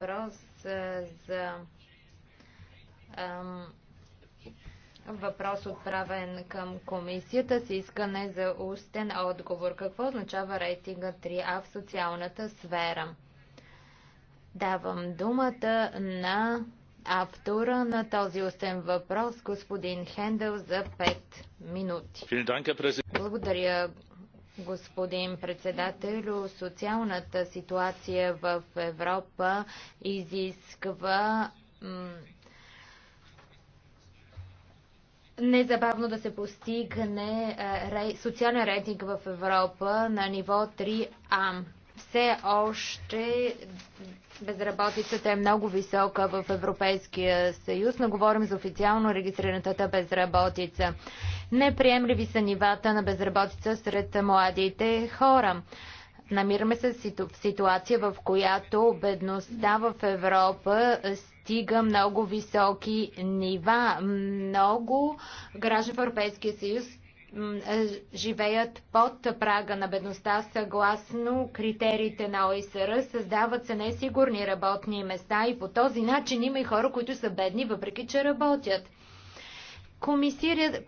въпрос за ам, въпрос отправен към комисията с искане за устен отговор. Какво означава рейтинга 3А в социалната сфера? Давам думата на автора на този устен въпрос, господин Хендел, за 5 минути. Благодаря, Господин председател, социалната ситуация в Европа изисква незабавно да се постигне социален рейтинг в Европа на ниво 3А все още безработицата е много висока в Европейския съюз, но говорим за официално регистрираната безработица. Неприемливи са нивата на безработица сред младите хора. Намираме се в ситуация, в която бедността в Европа стига много високи нива. Много граждани в Европейския съюз е, живеят под прага на бедността съгласно критериите на ОИСР, създават се несигурни работни места и по този начин има и хора, които са бедни, въпреки че работят.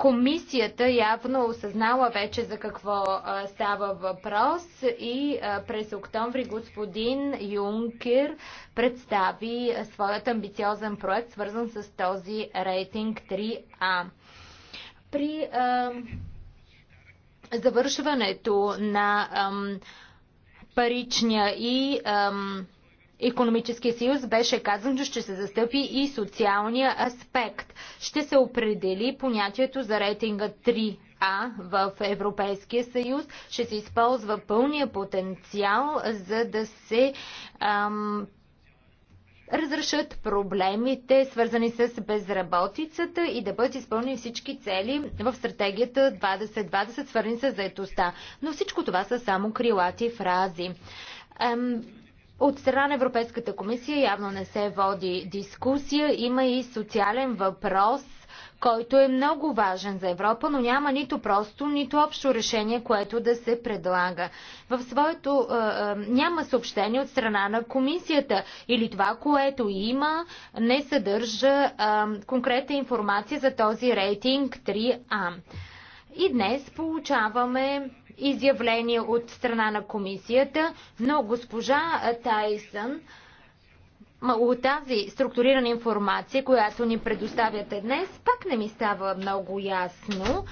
Комисията, явно осъзнала вече за какво става въпрос и през октомври господин Юнкер представи своят амбициозен проект, свързан с този рейтинг 3А. При а, завършването на ам, паричния и ам, економическия съюз беше казано, че ще се застъпи и социалния аспект. Ще се определи понятието за рейтинга 3А в Европейския съюз. Ще се използва пълния потенциал, за да се ам, разрешат проблемите, свързани с безработицата и да бъдат изпълнени всички цели в стратегията 2020, свързани с заедостта. Но всичко това са само крилати фрази. От страна на Европейската комисия явно не се води дискусия. Има и социален въпрос който е много важен за Европа, но няма нито просто, нито общо решение, което да се предлага. В своето е, е, няма съобщение от страна на комисията или това, което има, не съдържа е, конкретна информация за този рейтинг 3А. И днес получаваме изявление от страна на комисията, но госпожа Тайсън от тази структурирана информация, която ни предоставяте днес, пак не ми става много ясно.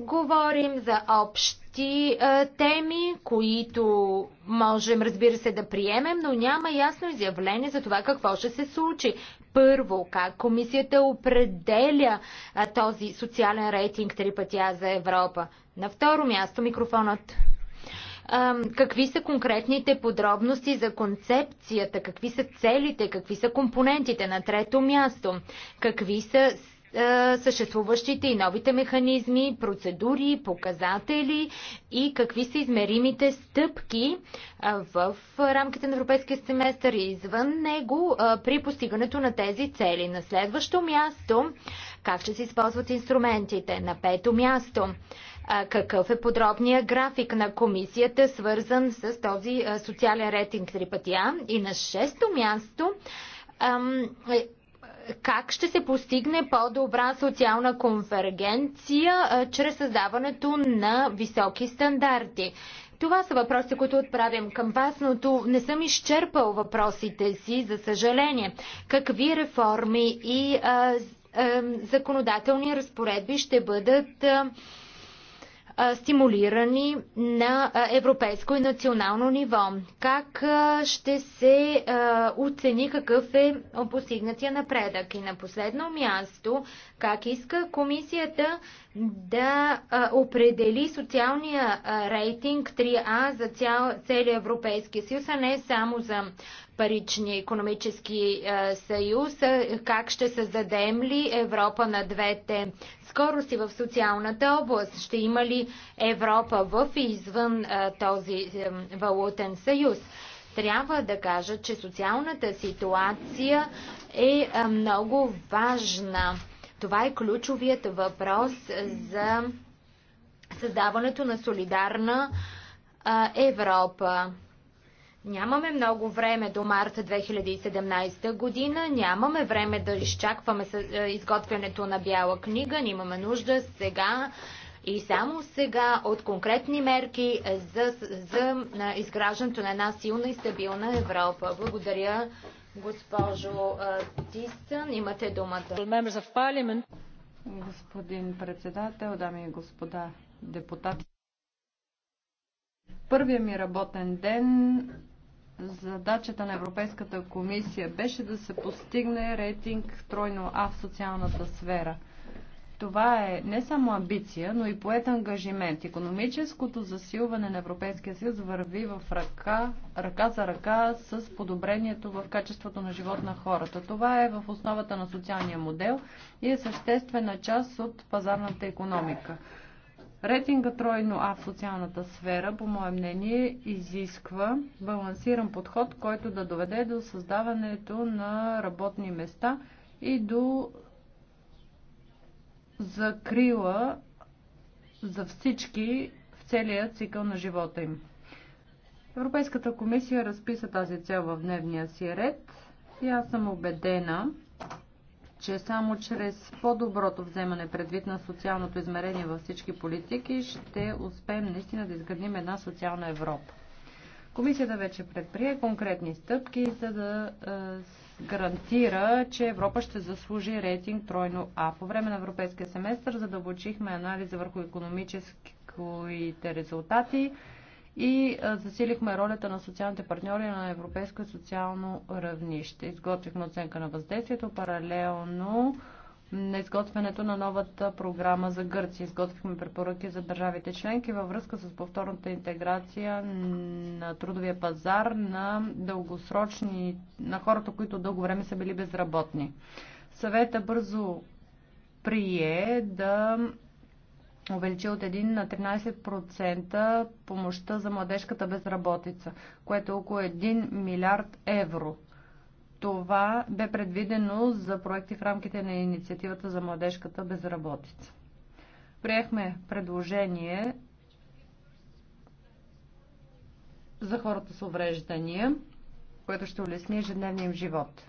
Говорим за общи теми, които можем, разбира се, да приемем, но няма ясно изявление за това какво ще се случи. Първо, как комисията определя този социален рейтинг три пътя за Европа. На второ място микрофонът Какви са конкретните подробности за концепцията? Какви са целите? Какви са компонентите? На трето място, какви са съществуващите и новите механизми, процедури, показатели и какви са измеримите стъпки в рамките на европейския семестър и извън него при постигането на тези цели. На следващо място, как ще се използват инструментите? На пето място, какъв е подробният график на комисията, свързан с този социален рейтинг три И на шесто място, е, как ще се постигне по-добра социална конвергенция чрез създаването на високи стандарти? Това са въпроси, които отправям към вас, но не съм изчерпал въпросите си, за съжаление. Какви реформи и а, а, законодателни разпоредби ще бъдат а, стимулирани на европейско и национално ниво. Как ще се оцени какъв е постигнатия напредък? И на последно място, как иска комисията да определи социалния рейтинг 3А за цял, целия Европейски съюз, а не само за паричния економически е, съюз, е, как ще създадем ли Европа на двете скорости в социалната област, ще има ли Европа в и извън е, този валутен съюз. Трябва да кажа, че социалната ситуация е много важна. Това е ключовият въпрос за създаването на солидарна Европа. Нямаме много време до март 2017 година, нямаме време да изчакваме е, изготвянето на бяла книга, имаме нужда сега и само сега от конкретни мерки за, за е, изграждането на една силна и стабилна Европа. Благодаря, госпожо е, Тистън. Имате думата. Господин председател, дами и господа депутати. първият ми работен ден задачата на Европейската комисия беше да се постигне рейтинг тройно А в социалната сфера. Това е не само амбиция, но и поет ангажимент. Економическото засилване на Европейския съюз върви в ръка, ръка за ръка с подобрението в качеството на живот на хората. Това е в основата на социалния модел и е съществена част от пазарната економика. Рейтинга тройно А в социалната сфера, по мое мнение, изисква балансиран подход, който да доведе до създаването на работни места и до закрила за всички в целия цикъл на живота им. Европейската комисия разписа тази цел в дневния си ред и аз съм убедена, че само чрез по-доброто вземане предвид на социалното измерение във всички политики ще успеем наистина да изградим една социална Европа. Комисията вече предприе конкретни стъпки, за да е, гарантира, че Европа ще заслужи рейтинг тройно А. По време на европейския семестър задълбочихме анализа върху економическите резултати и засилихме ролята на социалните партньори на европейско социално равнище. Изготвихме оценка на въздействието паралелно на изготвянето на новата програма за Гърция. Изготвихме препоръки за държавите членки във връзка с повторната интеграция на трудовия пазар на дългосрочни, на хората, които дълго време са били безработни. Съвета бързо прие да увеличи от 1 на 13% помощта за младежката безработица, което е около 1 милиард евро. Това бе предвидено за проекти в рамките на инициативата за младежката безработица. Приехме предложение за хората с увреждания, което ще улесни ежедневния им живот.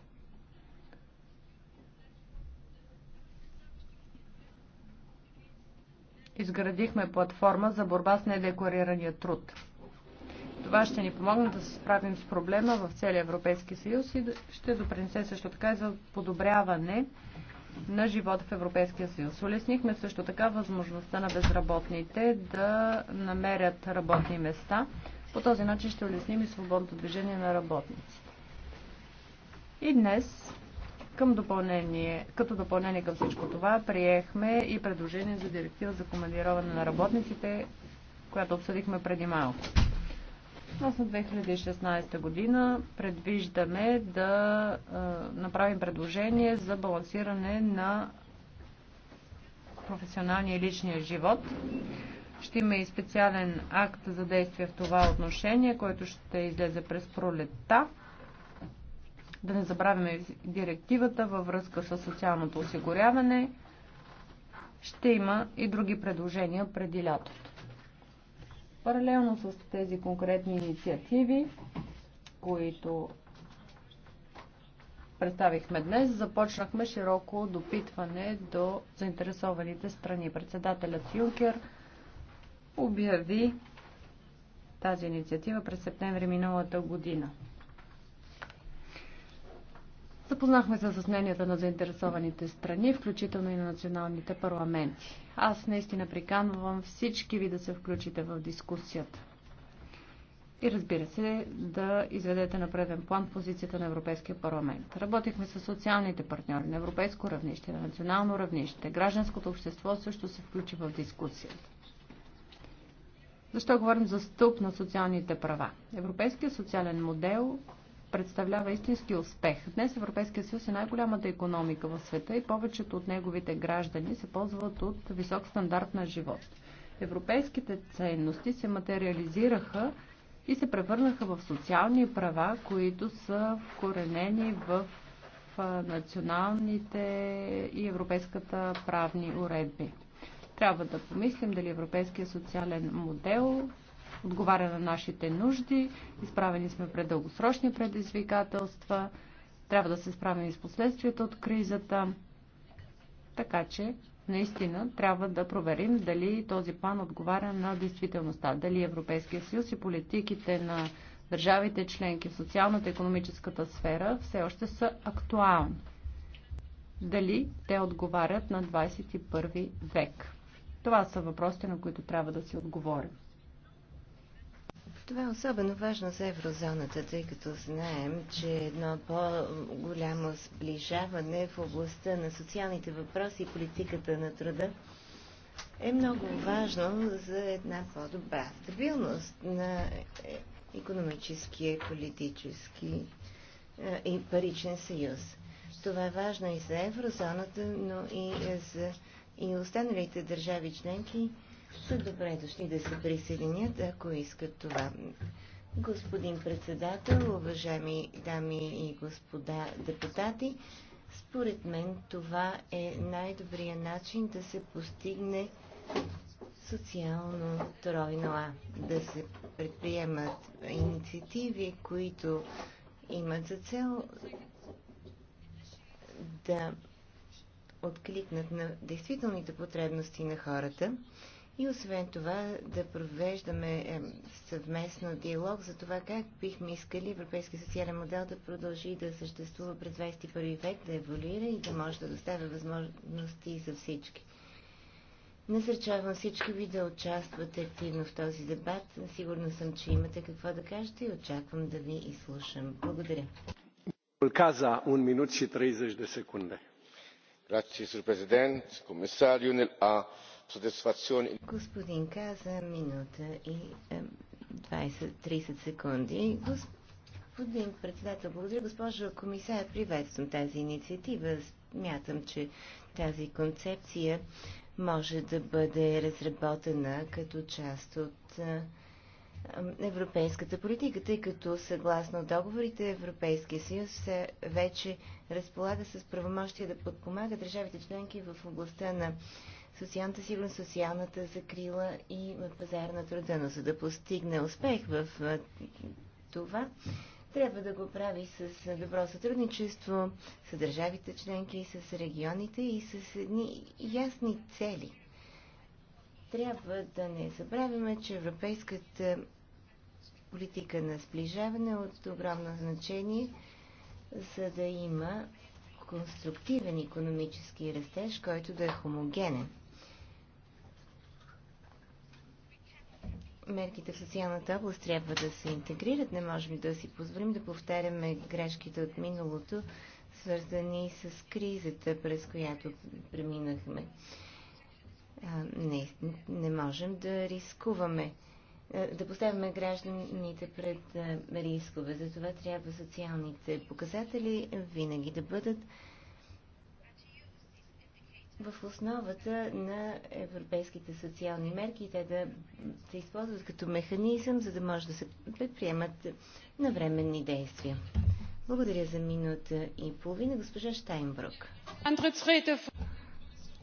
изградихме платформа за борба с недекларирания труд. Това ще ни помогне да се справим с проблема в целия Европейски съюз и ще допринесе също така и за подобряване на живота в Европейския съюз. Улеснихме също така възможността на безработните да намерят работни места. По този начин ще улесним и свободното движение на работниците. И днес към допълнение, като допълнение към всичко това, приехме и предложение за директива за командироване на работниците, която обсъдихме преди малко. на 2016 година предвиждаме да е, направим предложение за балансиране на професионалния и личния живот. Ще има и специален акт за действие в това отношение, който ще излезе през пролетта. Да не забравяме директивата във връзка с социалното осигуряване. Ще има и други предложения преди лятото. Паралелно с тези конкретни инициативи, които представихме днес, започнахме широко допитване до заинтересованите страни. Председателят Юнкер обяви тази инициатива през септември миналата година. Запознахме се с мненията на заинтересованите страни, включително и на националните парламенти. Аз наистина приканвам всички ви да се включите в дискусията. И разбира се, да изведете на преден план позицията на Европейския парламент. Работихме с социалните партньори на европейско равнище, на национално равнище. Гражданското общество също се включи в дискусията. Защо говорим за стълб на социалните права? Европейския социален модел представлява истински успех. Днес Европейския съюз е най-голямата економика в света и повечето от неговите граждани се ползват от висок стандарт на живот. Европейските ценности се материализираха и се превърнаха в социални права, които са вкоренени в националните и европейската правни уредби. Трябва да помислим дали европейския социален модел отговаря на нашите нужди, изправени сме пред дългосрочни предизвикателства, трябва да се справим и с последствията от кризата. Така че, наистина, трябва да проверим дали този план отговаря на действителността, дали Европейския съюз и политиките на държавите членки в социалната и економическата сфера все още са актуални. Дали те отговарят на 21 век? Това са въпросите, на които трябва да си отговорим. Това е особено важно за еврозоната, тъй като знаем, че едно по-голямо сближаване в областта на социалните въпроси и политиката на труда е много важно за една по-добра стабилност на економическия, политически е, и паричен съюз. Това е важно и за еврозоната, но и за и останалите държави членки, са добре дошли да се присъединят, ако искат това. Господин председател, уважаеми дами и господа депутати, според мен това е най-добрият начин да се постигне социално тройно А, да се предприемат инициативи, които имат за цел да откликнат на действителните потребности на хората и освен това да провеждаме съвместно диалог за това как бихме искали европейския социален модел да продължи да съществува през 21 век, да еволюира и да може да доставя възможности за всички. Насърчавам всички ви да участвате активно в този дебат. Сигурна съм, че имате какво да кажете и очаквам да ви изслушам. Благодаря. Каза 1 минут и 30 секунди. Grazie, президент, комисар Юнил А. Господин Каза, минута и 20-30 е, секунди. Господин председател, благодаря. Госпожо комисар, приветствам тази инициатива. Смятам, че тази концепция може да бъде разработена като част от е, европейската политика, тъй като съгласно договорите Европейския съюз се вече разполага с правомощия да подпомага държавите членки в областта на социалната сигурност, социалната закрила и пазара на труда. Но за да постигне успех в това, трябва да го прави с добро сътрудничество с държавите членки, с регионите и с едни ясни цели. Трябва да не забравяме, че европейската политика на сближаване е от огромно значение, за да има конструктивен економически растеж, който да е хомогенен. мерките в социалната област трябва да се интегрират. Не можем да си позволим да повтаряме грешките от миналото, свързани с кризата, през която преминахме. Не, не можем да рискуваме, да поставяме гражданите пред рискове. Затова трябва социалните показатели винаги да бъдат в основата на европейските социални мерки и те да се използват като механизъм, за да може да се предприемат навременни действия. Благодаря за минута и половина, госпожа Штайнбрук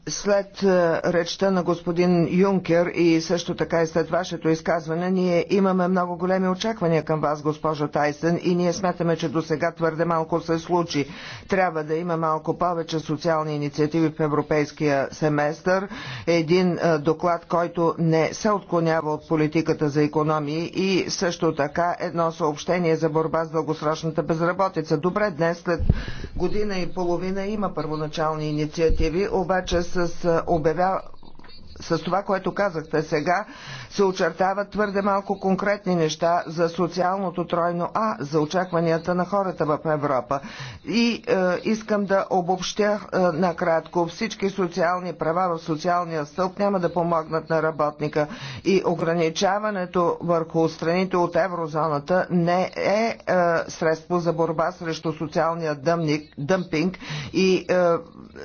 след е, речта на господин Юнкер и също така и след вашето изказване, ние имаме много големи очаквания към вас, госпожо Тайсън, и ние смятаме, че до сега твърде малко се случи. Трябва да има малко повече социални инициативи в европейския семестър, един е, доклад, който не се отклонява от политиката за економии и също така едно съобщение за борба с дългосрочната безработица. Добре, днес след година и половина има първоначални инициативи, обаче с обявя с това, което казахте сега, се очертават твърде малко конкретни неща за социалното тройно А, за очакванията на хората в Европа. И е, искам да обобщя е, накратко. Всички социални права в социалния стълб няма да помогнат на работника. И ограничаването върху страните от еврозоната не е, е средство за борба срещу социалния дъмник, дъмпинг и е,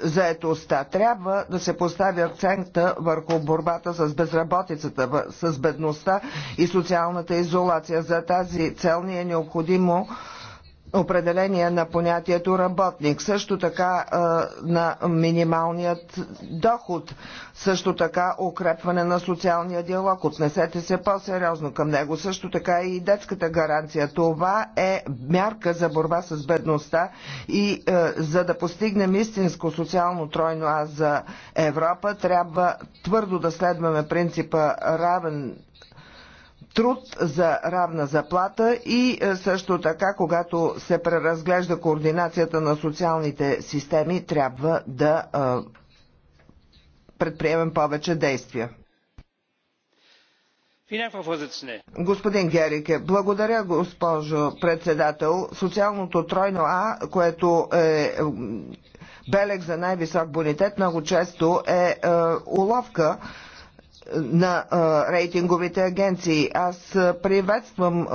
заетостта. Трябва да се постави акцента върху борбата с безработицата, с бедността и социалната изолация. За тази цел ни е необходимо определение на понятието работник, също така на минималният доход, също така укрепване на социалния диалог. Отнесете се по-сериозно към него, също така и детската гаранция. Това е мярка за борба с бедността и за да постигнем истинско социално тройно аз за Европа, трябва твърдо да следваме принципа равен труд за равна заплата и е, също така, когато се преразглежда координацията на социалните системи, трябва да е, предприемем повече действия. Господин Герике, благодаря госпожо председател. Социалното тройно А, което е белег за най-висок бонитет, много често е, е уловка на рейтинговите агенции. Аз приветствам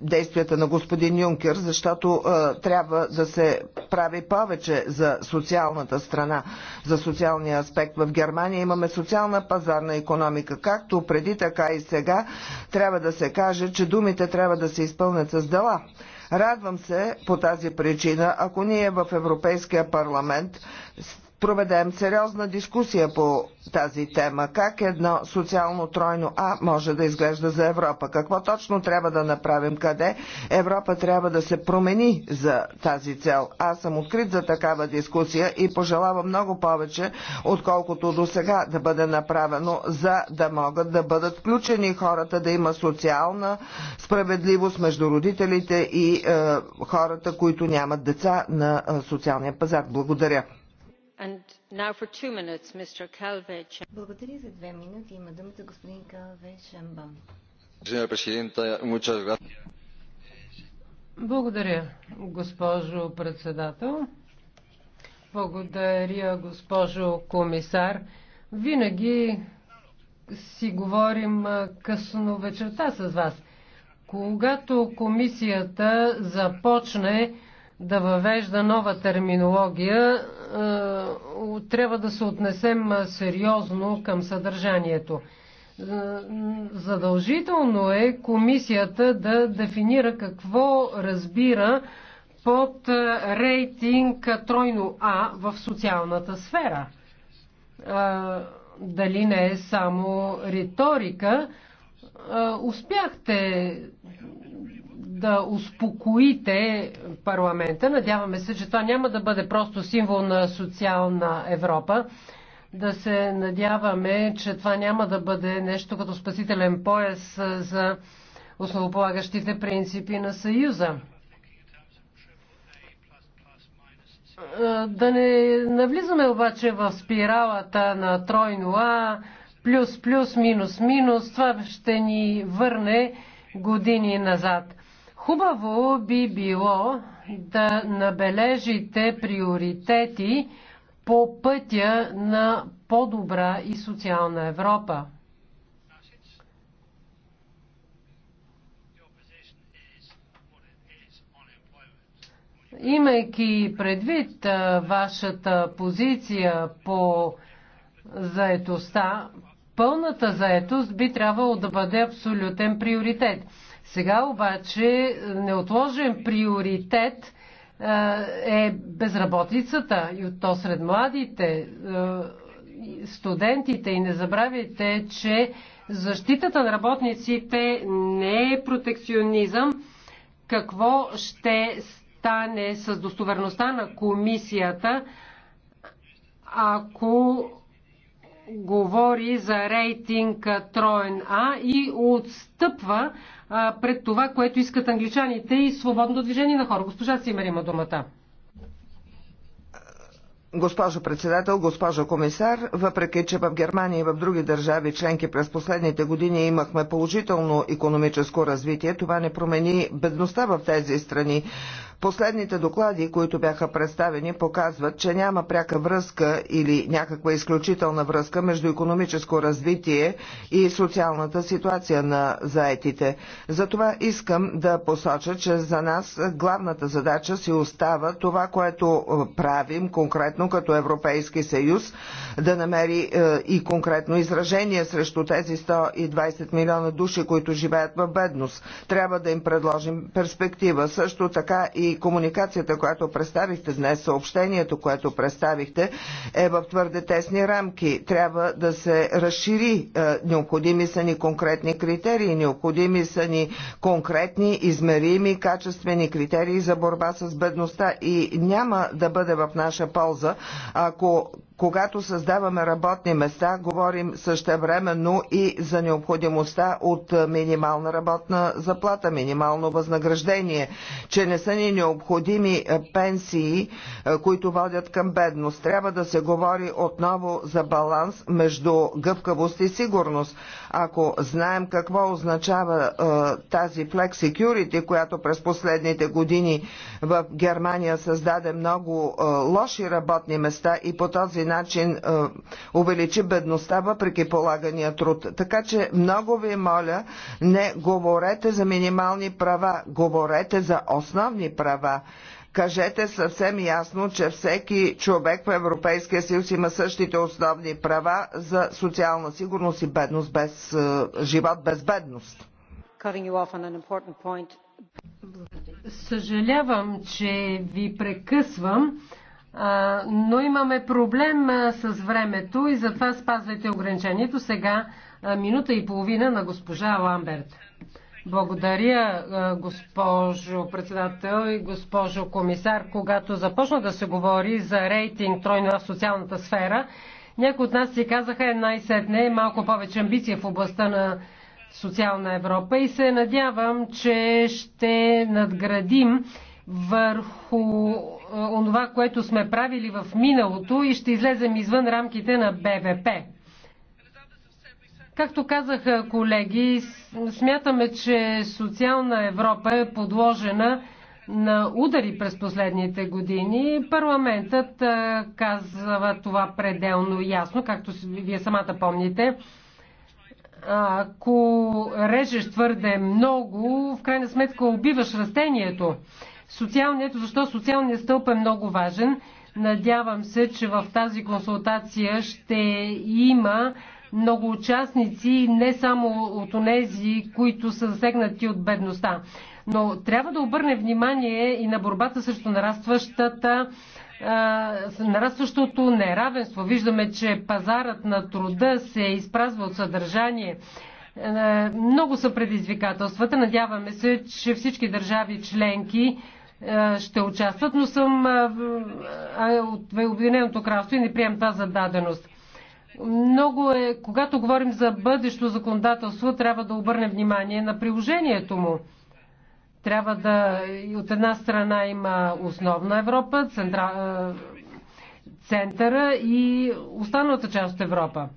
действията на господин Юнкер, защото а, трябва да се прави повече за социалната страна, за социалния аспект. В Германия имаме социална пазарна економика. Както преди, така и сега трябва да се каже, че думите трябва да се изпълнят с дела. Радвам се по тази причина, ако ние в Европейския парламент проведем сериозна дискусия по тази тема. Как едно социално тройно А може да изглежда за Европа? Какво точно трябва да направим? Къде Европа трябва да се промени за тази цел? Аз съм открит за такава дискусия и пожелавам много повече, отколкото до сега да бъде направено, за да могат да бъдат включени хората, да има социална справедливост между родителите и е, хората, които нямат деца на е, социалния пазар. Благодаря. Благодаря за две минути. Има думата господин Калве Шамбон. Благодаря, госпожо председател. Благодаря, госпожо комисар. Винаги си говорим късно вечерта с вас. Когато комисията започне да въвежда нова терминология, е, трябва да се отнесем е, сериозно към съдържанието. Е, задължително е комисията да дефинира какво разбира под рейтинг тройно А в социалната сфера. Дали не е само риторика, успяхте да успокоите парламента. Надяваме се, че това няма да бъде просто символ на социална Европа. Да се надяваме, че това няма да бъде нещо като спасителен пояс за основополагащите принципи на Съюза. Да не навлизаме обаче в спиралата на тройно А, плюс, плюс, минус, минус. Това ще ни върне години назад. Хубаво би било да набележите приоритети по пътя на по-добра и социална Европа. Имайки предвид вашата позиция по заетостта, пълната заетост би трябвало да бъде абсолютен приоритет. Сега обаче неотложен приоритет е безработицата и то сред младите студентите и не забравяйте, че защитата на работниците не е протекционизъм. Какво ще стане с достоверността на комисията, ако говори за рейтинг троен А и отстъпва а, пред това, което искат англичаните и свободното движение на хора. Госпожа Симер има думата. Госпожо председател, госпожо комисар, въпреки че в Германия и в други държави членки през последните години имахме положително економическо развитие, това не промени бедността в тези страни. Последните доклади, които бяха представени, показват, че няма пряка връзка или някаква изключителна връзка между економическо развитие и социалната ситуация на заетите. Затова искам да посоча, че за нас главната задача си остава това, което правим конкретно като Европейски съюз, да намери е, и конкретно изражение срещу тези 120 милиона души, които живеят в бедност. Трябва да им предложим перспектива. Също така и комуникацията, която представихте днес, съобщението, което представихте, е в твърде тесни рамки. Трябва да се разшири. Е, необходими са ни конкретни критерии, необходими са ни конкретни, измерими, качествени критерии за борба с бедността и няма да бъде в наша полза, ако когато създаваме работни места, говорим същевременно и за необходимостта от минимална работна заплата, минимално възнаграждение, че не са ни необходими е, пенсии, е, които водят към бедност. Трябва да се говори отново за баланс между гъвкавост и сигурност. Ако знаем какво означава е, тази Flex Security, която през последните години в Германия създаде много лоши работни места и по този начин е, увеличи бедността въпреки полагания труд. Така че много ви моля, не говорете за минимални права, говорете за основни права. Кажете съвсем ясно, че всеки човек в Европейския съюз има същите основни права за социална сигурност и бедност без е, живот без бедност. Съжалявам, че ви прекъсвам но имаме проблем с времето и затова спазвайте ограничението. Сега минута и половина на госпожа Ламберт. Благодаря, госпожо председател и госпожо комисар. Когато започна да се говори за рейтинг тройна в социалната сфера, някои от нас си казаха една и сетне е малко повече амбиция в областта на социална Европа и се надявам, че ще надградим върху онова, което сме правили в миналото и ще излезем извън рамките на БВП. Както казаха колеги, смятаме, че социална Европа е подложена на удари през последните години. Парламентът казва това пределно ясно, както вие самата помните. Ако режеш твърде много, в крайна сметка убиваш растението. Социалният, защо социалният стълб е много важен. Надявам се, че в тази консултация ще има много участници, не само от тези, които са засегнати от бедността. Но трябва да обърне внимание и на борбата срещу нарастващата нарастващото неравенство. Виждаме, че пазарът на труда се изпразва от съдържание. Е, много са предизвикателствата. Надяваме се, че всички държави членки е, ще участват, но съм е, е, от Обединеното кралство и не приемам това за даденост. Много е, когато говорим за бъдещо законодателство, трябва да обърнем внимание на приложението му. Трябва да, от една страна има основна Европа, центра, центъра и останалата част от Европа.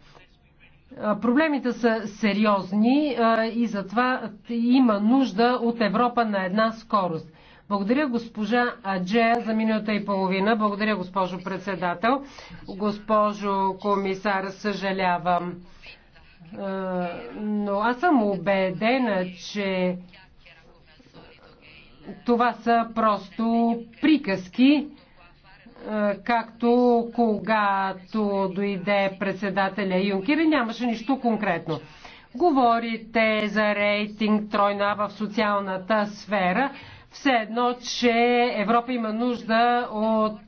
Проблемите са сериозни и затова има нужда от Европа на една скорост. Благодаря госпожа Аджея за минута и половина. Благодаря госпожо председател. Госпожо комисар, съжалявам. Е, но аз съм убедена, че това са просто приказки, е, както когато дойде председателя Юнкер и нямаше нищо конкретно. Говорите за рейтинг тройна в социалната сфера все едно, че Европа има нужда от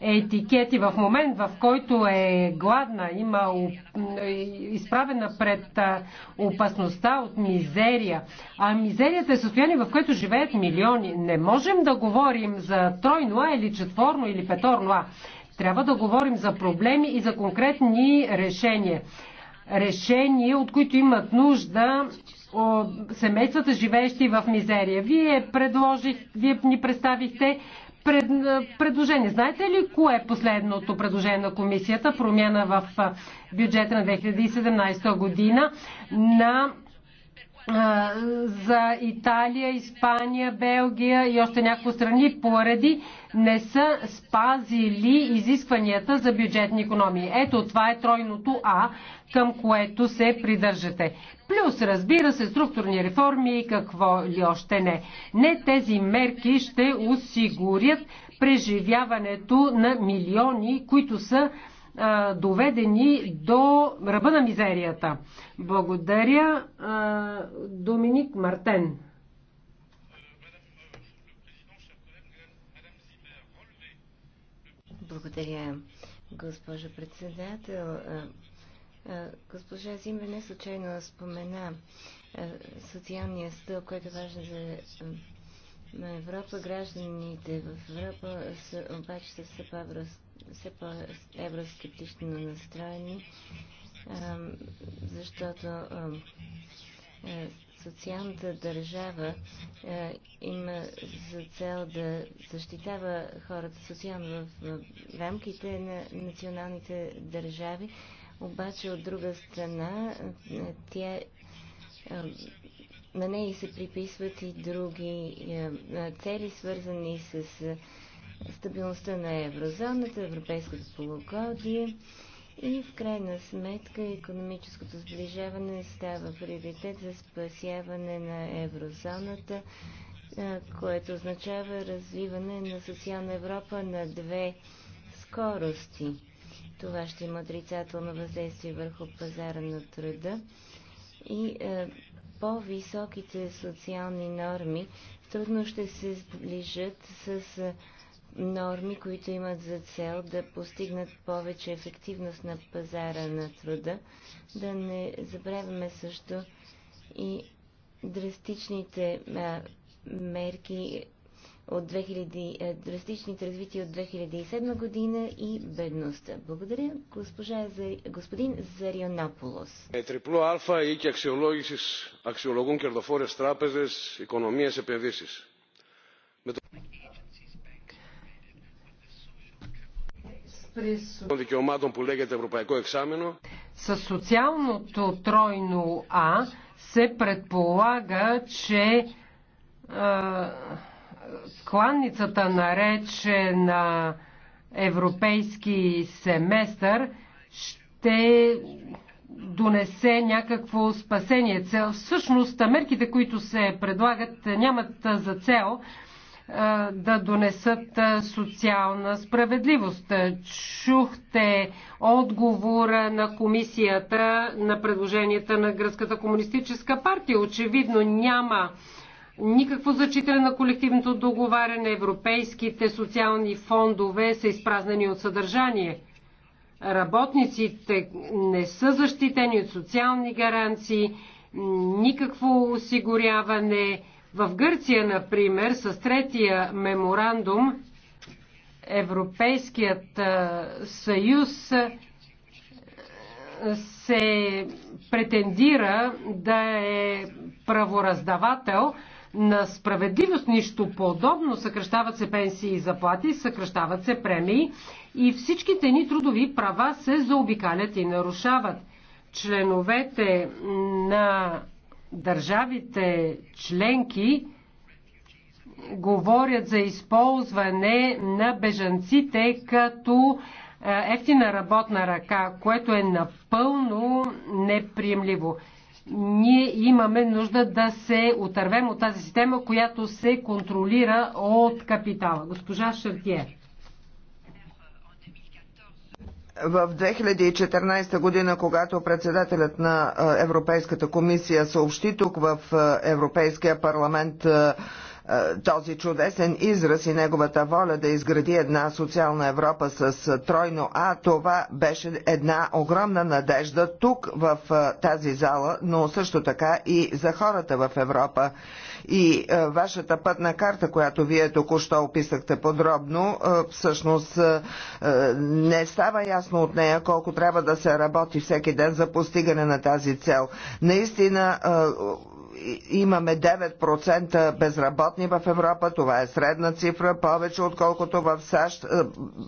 етикети в момент, в който е гладна, има изправена пред опасността от мизерия. А мизерията е състояние, в което живеят милиони. Не можем да говорим за тройно А или четворно или петорно А. Трябва да говорим за проблеми и за конкретни решения. Решения, от които имат нужда семействата, живеещи в мизерия. Вие, предложих, вие ни представихте пред, предложение. Знаете ли кое е последното предложение на комисията? Промяна в бюджета на 2017 година на за Италия, Испания, Белгия и още някои страни поради не са спазили изискванията за бюджетни економии. Ето това е тройното А, към което се придържате. Плюс, разбира се, структурни реформи и какво ли още не. Не тези мерки ще осигурят преживяването на милиони, които са доведени до ръба на мизерията. Благодаря, Доминик Мартен. Благодаря, госпожа председател. Госпожа Зимбе не случайно спомена социалния стъл, който е важен за Европа. Гражданите в Европа са, обаче са все все по-евроскептично настроени, защото е, социалната държава има за цел да защитава хората социално в, рамките на националните държави, обаче от друга страна е, тя, на нея се приписват и други е, цели, свързани с стабилността на еврозоната, европейското полугодие и в крайна сметка економическото сближаване става приоритет за спасяване на еврозоната, което означава развиване на социална Европа на две скорости. Това ще има отрицателно въздействие върху пазара на труда и е, по-високите социални норми трудно ще се сближат с е, норми, които имат за цел да постигнат повече ефективност на пазара на труда. Да не забравяме също и драстичните а, мерки от 2000, драстичните развития от 2007 година и бедността. Благодаря госпожа, господин Зарионополос. Трипло алфа и και αξιολόγησης αξιολογούν κερδοφόρες τράπεζες, οικονομίες, επενδύσεις. през... С социалното тройно А се предполага, че на рече на европейски семестър ще донесе някакво спасение. Всъщност, мерките, които се предлагат, нямат за цел да донесат социална справедливост. Чухте отговора на комисията на предложенията на Гръцката комунистическа партия. Очевидно няма никакво зачитане на колективното договаряне. Европейските социални фондове са изпразнени от съдържание. Работниците не са защитени от социални гаранции, никакво осигуряване, в Гърция, например, с третия меморандум Европейският съюз се претендира да е правораздавател на справедливост, нищо подобно. Съкръщават се пенсии и заплати, съкръщават се премии и всичките ни трудови права се заобикалят и нарушават. Членовете на държавите членки говорят за използване на бежанците като е, ефтина работна ръка, което е напълно неприемливо. Ние имаме нужда да се отървем от тази система, която се контролира от капитала. Госпожа Шартиер в 2014 година, когато председателят на Европейската комисия съобщи тук в Европейския парламент този чудесен израз и неговата воля да изгради една социална Европа с тройно А, това беше една огромна надежда тук в тази зала, но също така и за хората в Европа и е, вашата пътна карта, която вие току-що описахте подробно, е, всъщност е, не става ясно от нея колко трябва да се работи всеки ден за постигане на тази цел. Наистина имаме 9% безработни в Европа, това е средна цифра, повече отколкото в САЩ. Е,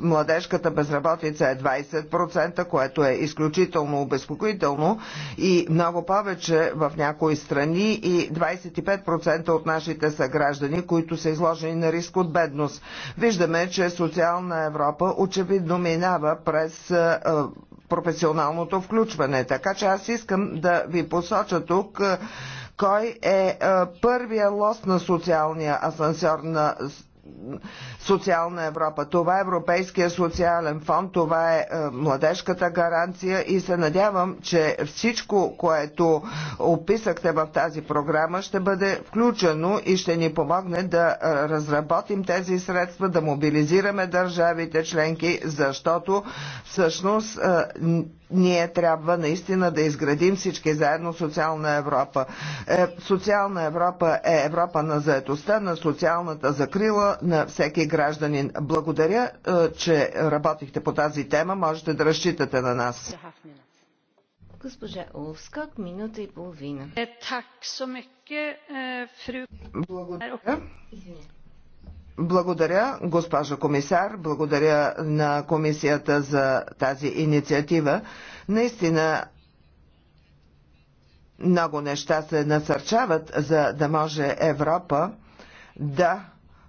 младежката безработица е 20%, което е изключително обезпокоително и много повече в някои страни и 25% от нашите са граждани, които са изложени на риск от бедност. Виждаме, че социална Европа очевидно минава през е, професионалното включване. Така че аз искам да ви посоча тук е, кой е, е първия лост на социалния асансьор на социална Европа. Това е Европейския социален фонд, това е, е младежката гаранция и се надявам, че всичко, което описахте в тази програма, ще бъде включено и ще ни помогне да е, разработим тези средства, да мобилизираме държавите членки, защото всъщност е, ние трябва наистина да изградим всички заедно социална Европа. Е, социална Европа е Европа на заетостта, на социалната закрила на всеки гражданин. Благодаря, е, че работихте по тази тема. Можете да разчитате на нас. Госпожа Олскак, минута и половина. Е, е, Благодаря. Е, благодаря, госпожо комисар, благодаря на комисията за тази инициатива. Наистина много неща се насърчават, за да може Европа да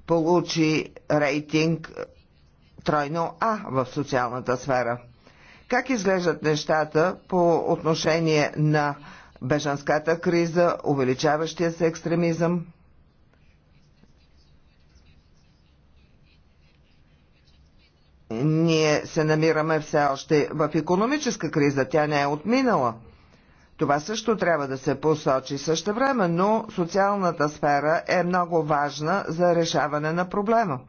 получи рейтинг тройно А в социалната сфера. Как изглеждат нещата по отношение на бежанската криза, увеличаващия се екстремизъм? Ние се намираме все още в економическа криза, тя не е отминала. Това също трябва да се посочи. Също време, но социалната сфера е много важна за решаване на проблема.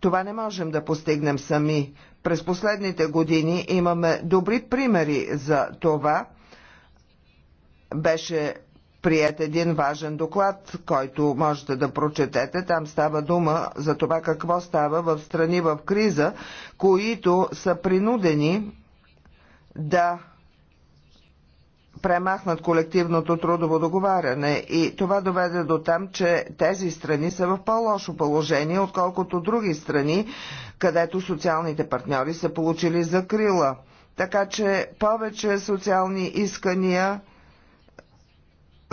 Това не можем да постигнем сами. През последните години имаме добри примери за това. Беше прият един важен доклад, който можете да прочетете. Там става дума за това какво става в страни в криза, които са принудени да премахнат колективното трудово договаряне и това доведе до там, че тези страни са в по-лошо положение, отколкото други страни, където социалните партньори са получили закрила. Така че повече социални искания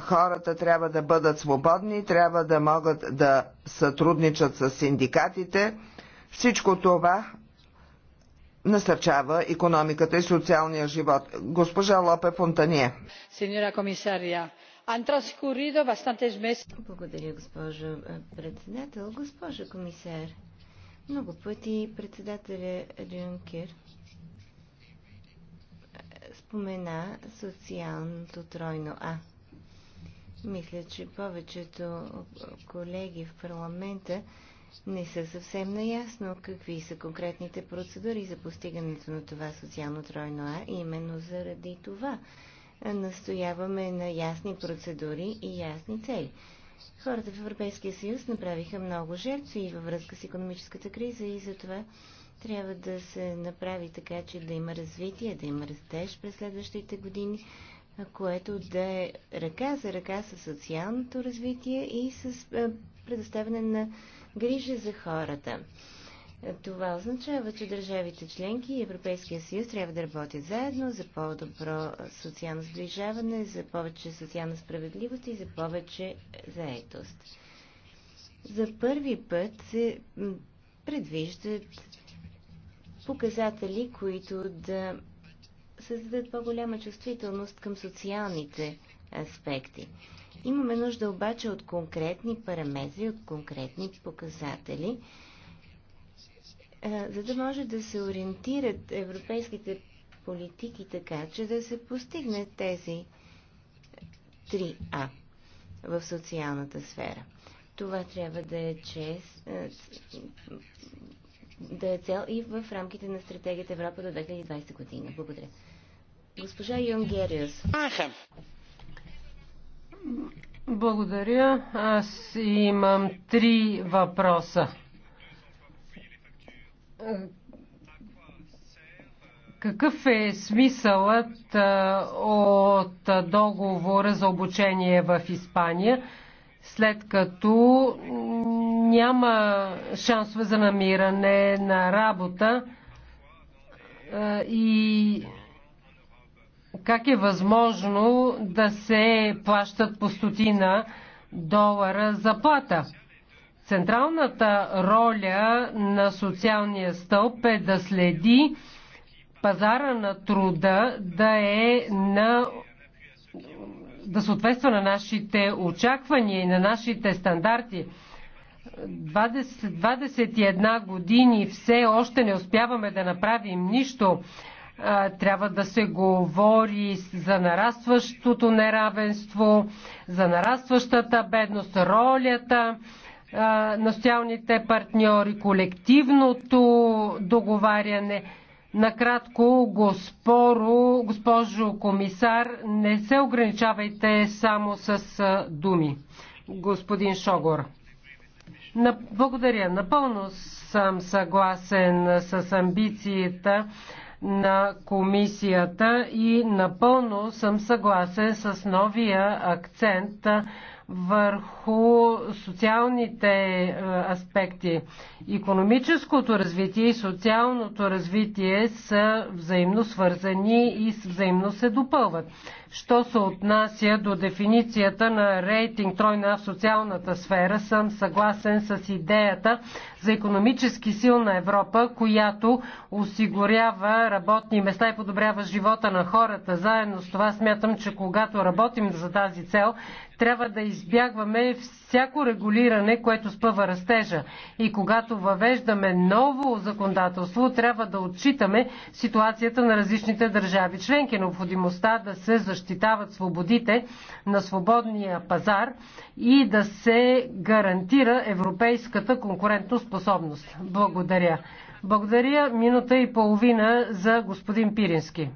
хората трябва да бъдат свободни, трябва да могат да сътрудничат с синдикатите. Всичко това насърчава економиката и социалния живот. Госпожа Лопе Фонтание. Сеньора комисария, han transcurrido meses. Благодаря, госпожо председател. Госпожо комисар, много пъти председателя Рюнкер спомена социалното тройно А. Мисля, че повечето колеги в парламента не са съвсем наясно какви са конкретните процедури за постигането на това социално тройно А. Именно заради това настояваме на ясни процедури и ясни цели. Хората в Европейския съюз направиха много жертви във връзка с економическата криза и затова трябва да се направи така, че да има развитие, да има растеж през следващите години, което да е ръка за ръка с социалното развитие и с е, предоставяне на грижа за хората. Това означава, че държавите членки и Европейския съюз трябва да работят заедно за по-добро социално сближаване, за повече социална справедливост и за повече заетост. За първи път се предвиждат показатели, които да създадат по-голяма чувствителност към социалните аспекти. Имаме нужда обаче от конкретни параметри, от конкретни показатели, за да може да се ориентират европейските политики така, че да се постигне тези 3А в социалната сфера. Това трябва да е чест, да е цел и в рамките на стратегията Европа до 2020 година. Благодаря. Госпожа Юнгериус. Благодаря. Аз имам три въпроса. Какъв е смисълът от договора за обучение в Испания, след като няма шансове за намиране на работа и как е възможно да се плащат по стотина долара заплата? Централната роля на социалния стълб е да следи пазара на труда да е на да съответства на нашите очаквания и на нашите стандарти. 20, 21 години все още не успяваме да направим нищо трябва да се говори за нарастващото неравенство, за нарастващата бедност, ролята на социалните партньори, колективното договаряне. Накратко, госпоро, госпожо комисар, не се ограничавайте само с думи. Господин Шогор. Благодаря. Напълно съм съгласен с амбицията на комисията и напълно съм съгласен с новия акцент върху социалните е, аспекти. Економическото развитие и социалното развитие са взаимно свързани и взаимно се допълват. Що се отнася до дефиницията на рейтинг тройна в социалната сфера, съм съгласен с идеята за економически силна Европа, която осигурява работни места и подобрява живота на хората. Заедно с това смятам, че когато работим за тази цел, трябва да избягваме всяко регулиране, което спъва растежа. И когато въвеждаме ново законодателство, трябва да отчитаме ситуацията на различните държави членки, необходимостта да се защитава защитават свободите на свободния пазар и да се гарантира европейската конкурентоспособност. Благодаря. Благодаря минута и половина за господин Пирински.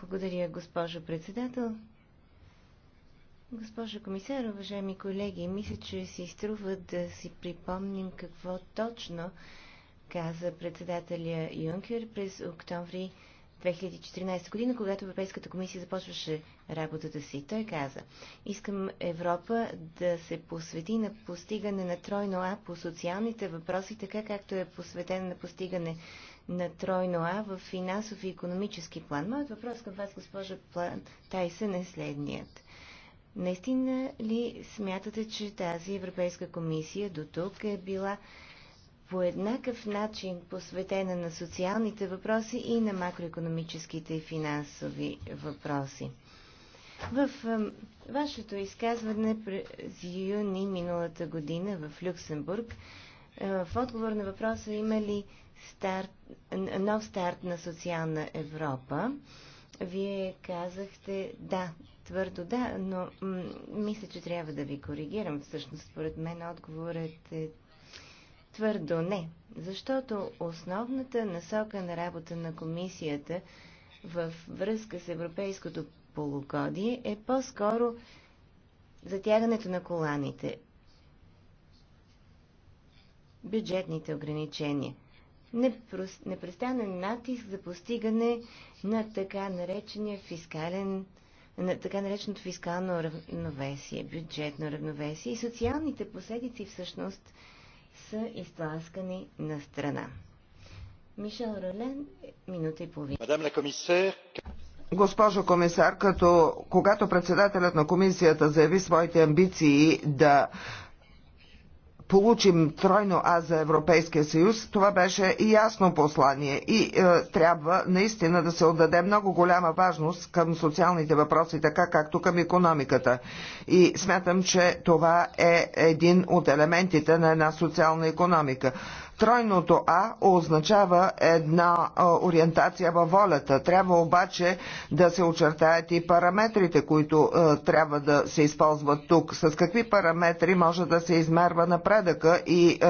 Благодаря, госпожо председател. Госпожо комисар, уважаеми колеги, мисля, че си струва да си припомним какво точно каза председателя Юнкер през октомври 2014 година, когато Европейската комисия започваше работата си. Той каза, искам Европа да се посвети на постигане на тройно А по социалните въпроси, така както е посветена на постигане на тройно А в финансов и економически план. Моят въпрос към вас, госпожа План Тайсън, е следният. Наистина ли смятате, че тази Европейска комисия до тук е била по еднакъв начин посветена на социалните въпроси и на макроекономическите и финансови въпроси. В вашето изказване през юни миналата година в Люксембург, е, в отговор на въпроса има ли старт, нов старт на социална Европа, вие казахте да, твърдо да, но мисля, че трябва да ви коригирам. Всъщност, според мен отговорът е Твърдо не, защото основната насока на работа на комисията в връзка с европейското полугодие е по-скоро затягането на коланите, бюджетните ограничения, непрестанен натиск за постигане на така наречения фискален на така нареченото фискално равновесие, бюджетно равновесие и социалните последици всъщност са изтласкани на страна. Мишел Ролен, минута и половина. Госпожо комисар, като когато председателят на комисията заяви своите амбиции да получим тройно А за Европейския съюз, това беше ясно послание и е, трябва наистина да се отдаде много голяма важност към социалните въпроси, така както към економиката. И смятам, че това е един от елементите на една социална економика. Тройното А означава една ориентация във волята. Трябва обаче да се очертаят и параметрите, които трябва да се използват тук. С какви параметри може да се измерва напредъка и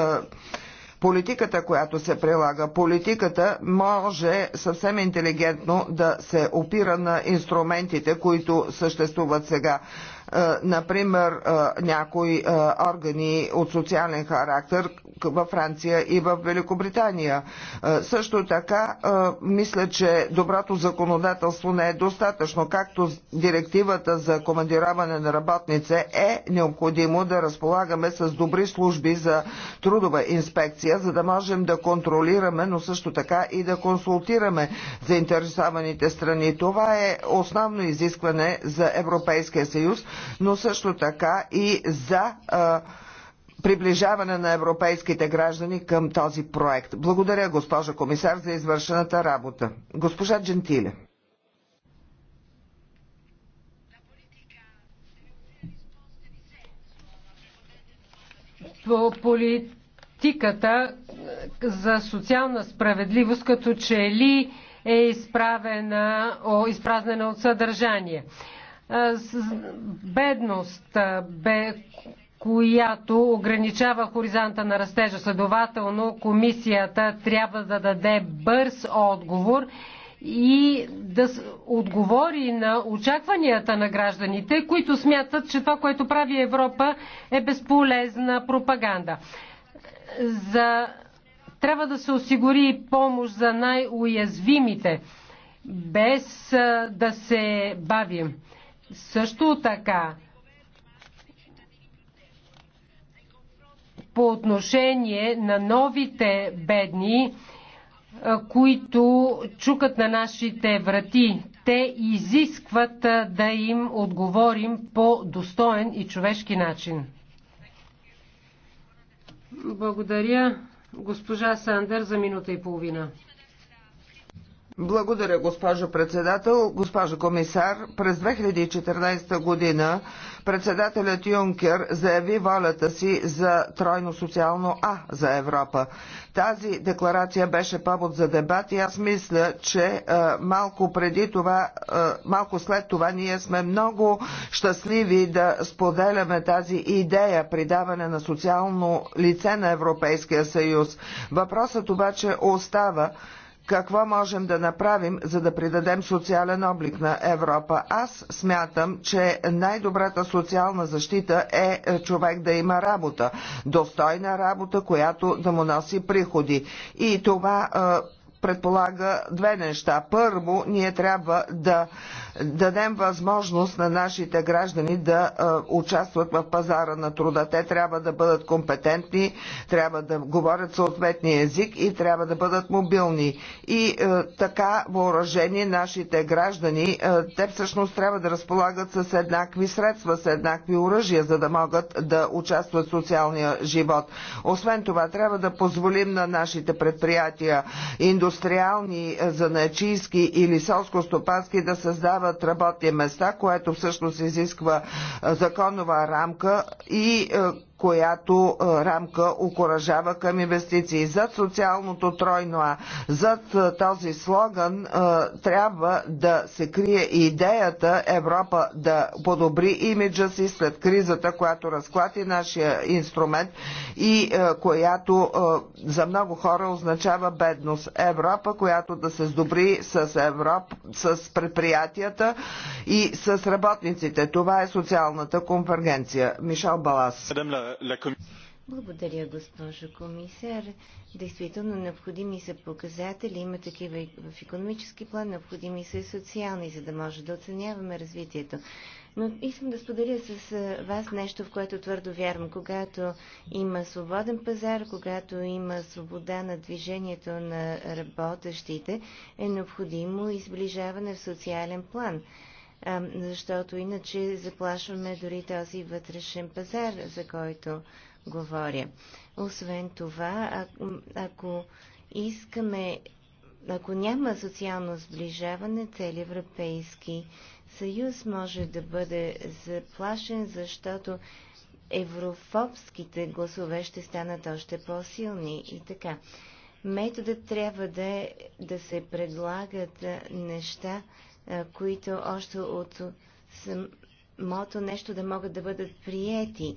политиката, която се прилага. Политиката може съвсем интелигентно да се опира на инструментите, които съществуват сега. Е, например, е, някои е, органи от социален характер във Франция и в Великобритания. Също така, мисля, че доброто законодателство не е достатъчно. Както директивата за командираване на работнице е необходимо да разполагаме с добри служби за трудова инспекция, за да можем да контролираме, но също така и да консултираме заинтересованите страни. Това е основно изискване за Европейския съюз, но също така и за приближаване на европейските граждани към този проект. Благодаря, госпожа комисар, за извършената работа. Госпожа Джентиле. По политиката за социална справедливост, като че ли е изправена, о, изпразнена от съдържание бедност, бе, която ограничава хоризонта на растежа. Следователно, комисията трябва да даде бърз отговор и да отговори на очакванията на гражданите, които смятат, че това, което прави Европа, е безполезна пропаганда. За... Трябва да се осигури помощ за най-уязвимите, без да се бавим. Също така, по отношение на новите бедни, които чукат на нашите врати. Те изискват да им отговорим по достоен и човешки начин. Благодаря госпожа Сандър за минута и половина. Благодаря, госпожо председател. Госпожо комисар, през 2014 година председателят Юнкер заяви волята си за тройно социално А за Европа. Тази декларация беше повод за дебат и аз мисля, че а, е, малко преди това, а, е, малко след това ние сме много щастливи да споделяме тази идея придаване на социално лице на Европейския съюз. Въпросът обаче остава какво можем да направим, за да придадем социален облик на Европа. Аз смятам, че най-добрата социална защита е човек да има работа. Достойна работа, която да му носи приходи. И това предполага две неща. Първо, ние трябва да дадем възможност на нашите граждани да участват в пазара на труда. Те трябва да бъдат компетентни, трябва да говорят съответния език и трябва да бъдат мобилни. И така въоръжени нашите граждани, те всъщност трябва да разполагат с еднакви средства, с еднакви оръжия, за да могат да участват в социалния живот. Освен това, трябва да позволим на нашите предприятия, индустриални, занаечийски или селско-стопански да създават създават работни места, което всъщност изисква законова рамка и е, която е, рамка окоръжава към инвестиции. Зад социалното тройно А, зад е, този слоган е, трябва да се крие и идеята Европа да подобри имиджа си след кризата, която разклати нашия инструмент и която за много хора означава бедност. Европа, която да се сдобри с Европа, с предприятията и с работниците. Това е социалната конвергенция. Мишел Балас. Благодаря, госпожо комисар. Действително необходими са показатели, има такива и в економически план, необходими са и социални, за да може да оценяваме развитието. Но искам да споделя с вас нещо, в което твърдо вярвам. Когато има свободен пазар, когато има свобода на движението на работещите, е необходимо изближаване в социален план защото иначе заплашваме дори този вътрешен пазар, за който говоря. Освен това, ако, ако искаме, ако няма социално сближаване, цели Европейски съюз може да бъде заплашен, защото еврофобските гласове ще станат още по-силни и така. Методът трябва да е да се предлагат неща, които още от самото нещо да могат да бъдат приети.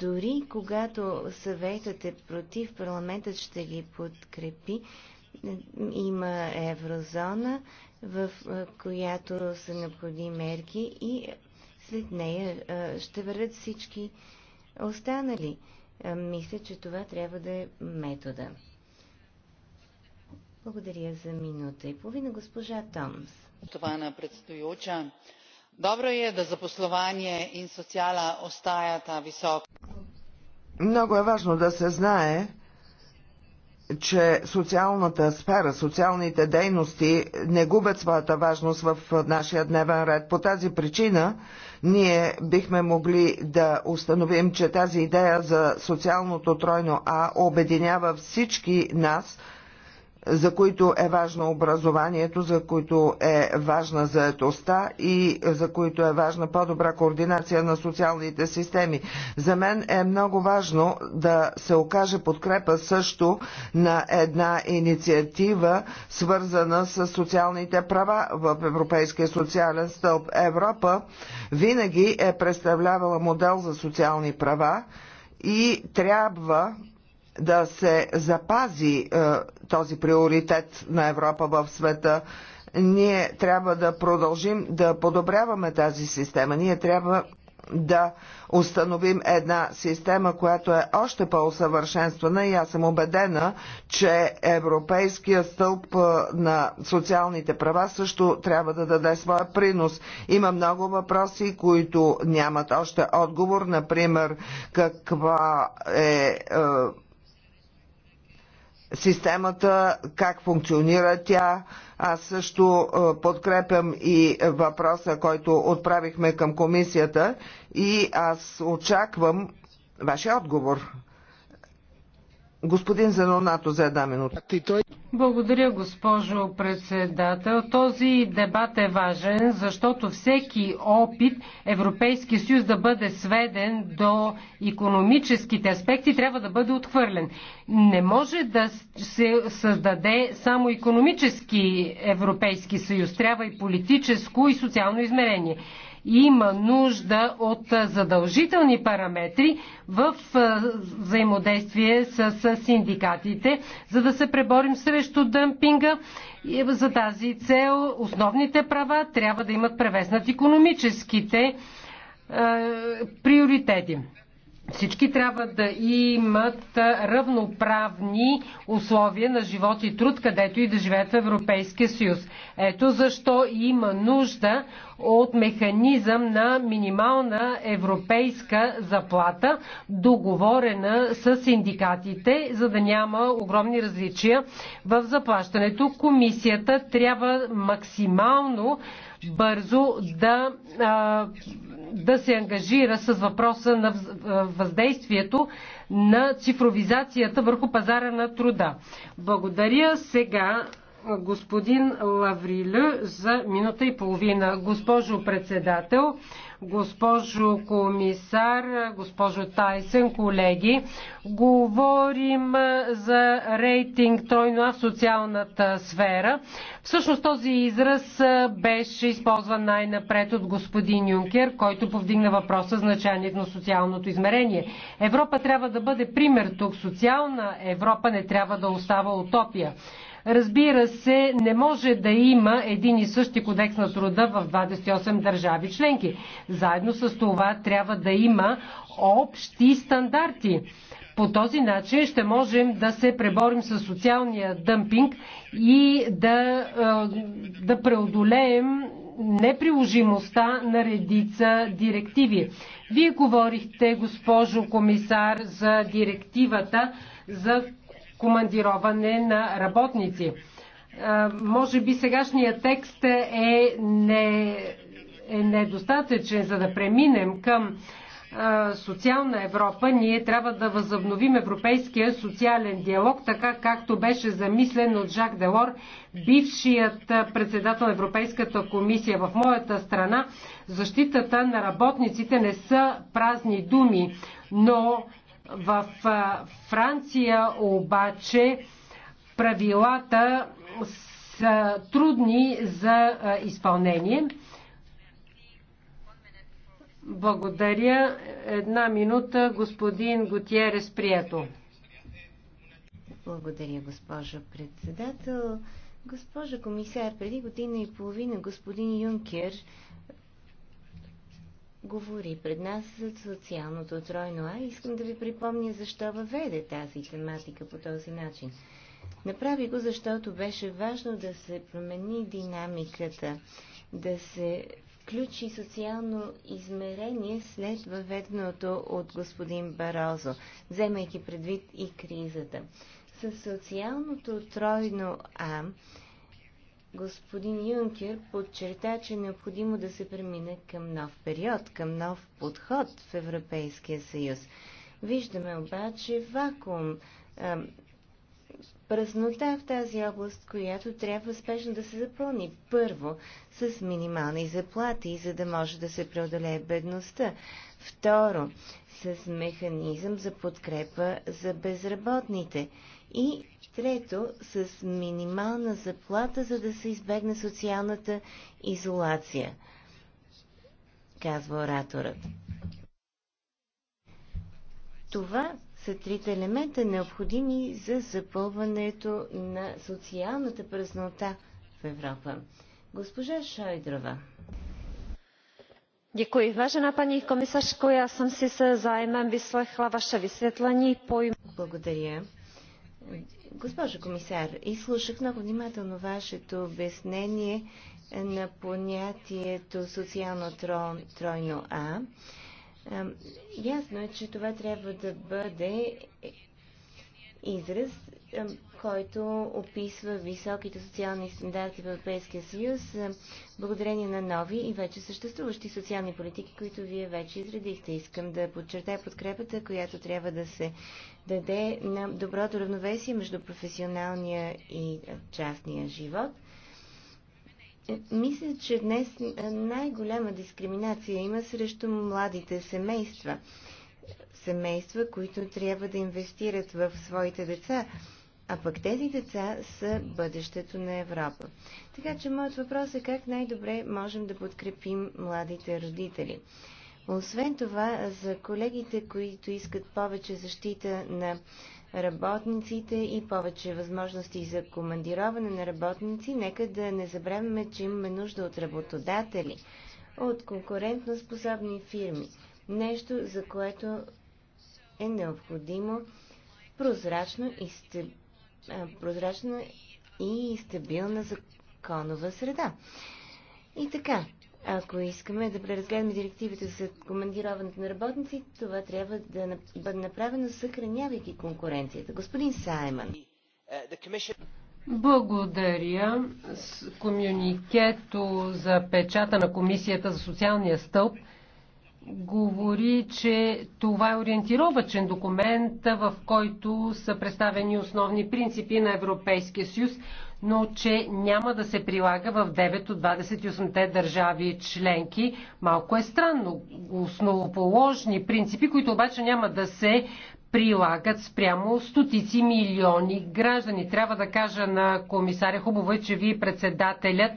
Дори когато съветът е против, парламентът ще ги подкрепи. Има еврозона, в която са необходими мерки и след нея ще вървят всички останали. Мисля, че това трябва да е метода. Благодаря за минута и половина, госпожа Томс. Spoštovana predsedujoča, е, да за zaposlovanje и sociala остаят високо. Много е важно да се знае, че социалната сфера, социалните дейности не губят своята важност в нашия дневен ред. По тази причина ние бихме могли да установим, че тази идея за социалното тройно А обединява всички нас – за които е важно образованието, за които е важна заетостта и за които е важна по-добра координация на социалните системи. За мен е много важно да се окаже подкрепа също на една инициатива, свързана с социалните права в Европейския социален стълб. Европа винаги е представлявала модел за социални права и трябва да се запази е, този приоритет на Европа в света, ние трябва да продължим да подобряваме тази система. Ние трябва да установим една система, която е още по-усъвършенствана и аз съм убедена, че Европейския стълб е, на социалните права също трябва да даде своя принос. Има много въпроси, които нямат още отговор, например каква е, е системата, как функционира тя. Аз също е, подкрепям и въпроса, който отправихме към комисията и аз очаквам вашия отговор. Господин Занонато за една минута. Благодаря, госпожо председател. Този дебат е важен, защото всеки опит Европейския съюз да бъде сведен до економическите аспекти трябва да бъде отхвърлен. Не може да се създаде само економически Европейски съюз. Трябва и политическо и социално измерение. Има нужда от задължителни параметри в взаимодействие с синдикатите, за да се преборим срещу дъмпинга. И за тази цел основните права трябва да имат превес над економическите приоритети. Всички трябва да имат равноправни условия на живот и труд, където и да живеят в Европейския съюз. Ето защо има нужда от механизъм на минимална европейска заплата, договорена с синдикатите, за да няма огромни различия в заплащането. Комисията трябва максимално бързо да, да се ангажира с въпроса на въздействието на цифровизацията върху пазара на труда. Благодаря сега господин Лаврилю, за минута и половина. Госпожо председател, госпожо комисар, госпожо Тайсен, колеги, говорим за рейтинг тройно в социалната сфера. Всъщност този израз беше използван най-напред от господин Юнкер, който повдигна въпроса значението на социалното измерение. Европа трябва да бъде пример тук. Социална Европа не трябва да остава утопия. Разбира се, не може да има един и същи кодекс на труда в 28 държави членки. Заедно с това трябва да има общи стандарти. По този начин ще можем да се преборим с социалния дъмпинг и да, да преодолеем неприложимостта на редица директиви. Вие говорихте, госпожо комисар, за директивата за командироване на работници. Може би сегашният текст е, не, е недостатъчен, за да преминем към социална Европа, ние трябва да възобновим европейския социален диалог, така както беше замислен от Жак Делор, бившият председател на Европейската комисия в моята страна. Защитата на работниците не са празни думи, но в Франция обаче правилата са трудни за изпълнение. Благодаря. Една минута, господин Готиерес Прието. Благодаря, госпожа председател. Госпожа комисар, преди година и половина господин Юнкер говори пред нас за социалното тройно А. Искам да ви припомня защо въведе тази тематика по този начин. Направи го, защото беше важно да се промени динамиката, да се включи социално измерение след въведеното от господин Барозо, вземайки предвид и кризата. С социалното тройно А господин Юнкер подчерта, че е необходимо да се премине към нов период, към нов подход в Европейския съюз. Виждаме обаче вакуум празнота в тази област, която трябва спешно да се запълни. Първо, с минимални заплати, за да може да се преодолее бедността. Второ, с механизъм за подкрепа за безработните. И трето, с минимална заплата, за да се избегне социалната изолация, казва ораторът. Това са трите елемента, необходими за запълването на социалната празнота в Европа. Госпожа Шойдрова. Děkuji. Vážená paní komisařko, já jsem si se zájmem vyslechla vaše vysvětlení pojmu. Благодаря. Госпожо комисар, изслушах много внимателно вашето обяснение на понятието социално тройно А Ясно е, че това трябва да бъде израз, който описва високите социални стандарти в Европейския съюз, благодарение на нови и вече съществуващи социални политики, които вие вече изредихте. Искам да подчертая подкрепата, която трябва да се даде на доброто равновесие между професионалния и частния живот – е, мисля, че днес е, най-голяма дискриминация има срещу младите семейства. Семейства, които трябва да инвестират в своите деца, а пък тези деца са бъдещето на Европа. Така че моят въпрос е как най-добре можем да подкрепим младите родители. Освен това, за колегите, които искат повече защита на работниците и повече възможности за командироване на работници, нека да не забравяме, че имаме нужда от работодатели, от конкурентно способни фирми. Нещо, за което е необходимо прозрачно и, стаб... прозрачна и стабилна законова среда. И така, ако искаме да преразгледаме директивите за командироването на работници, това трябва да бъде направено, съхранявайки конкуренцията. Господин Саймън. Благодаря. С комюникето за печата на Комисията за социалния стълб говори, че това е ориентировачен документ, в който са представени основни принципи на Европейския съюз, но че няма да се прилага в 9 от 28-те държави членки. Малко е странно. Основоположни принципи, които обаче няма да се прилагат спрямо стотици милиони граждани. Трябва да кажа на комисаря, хубаво е, че вие председателят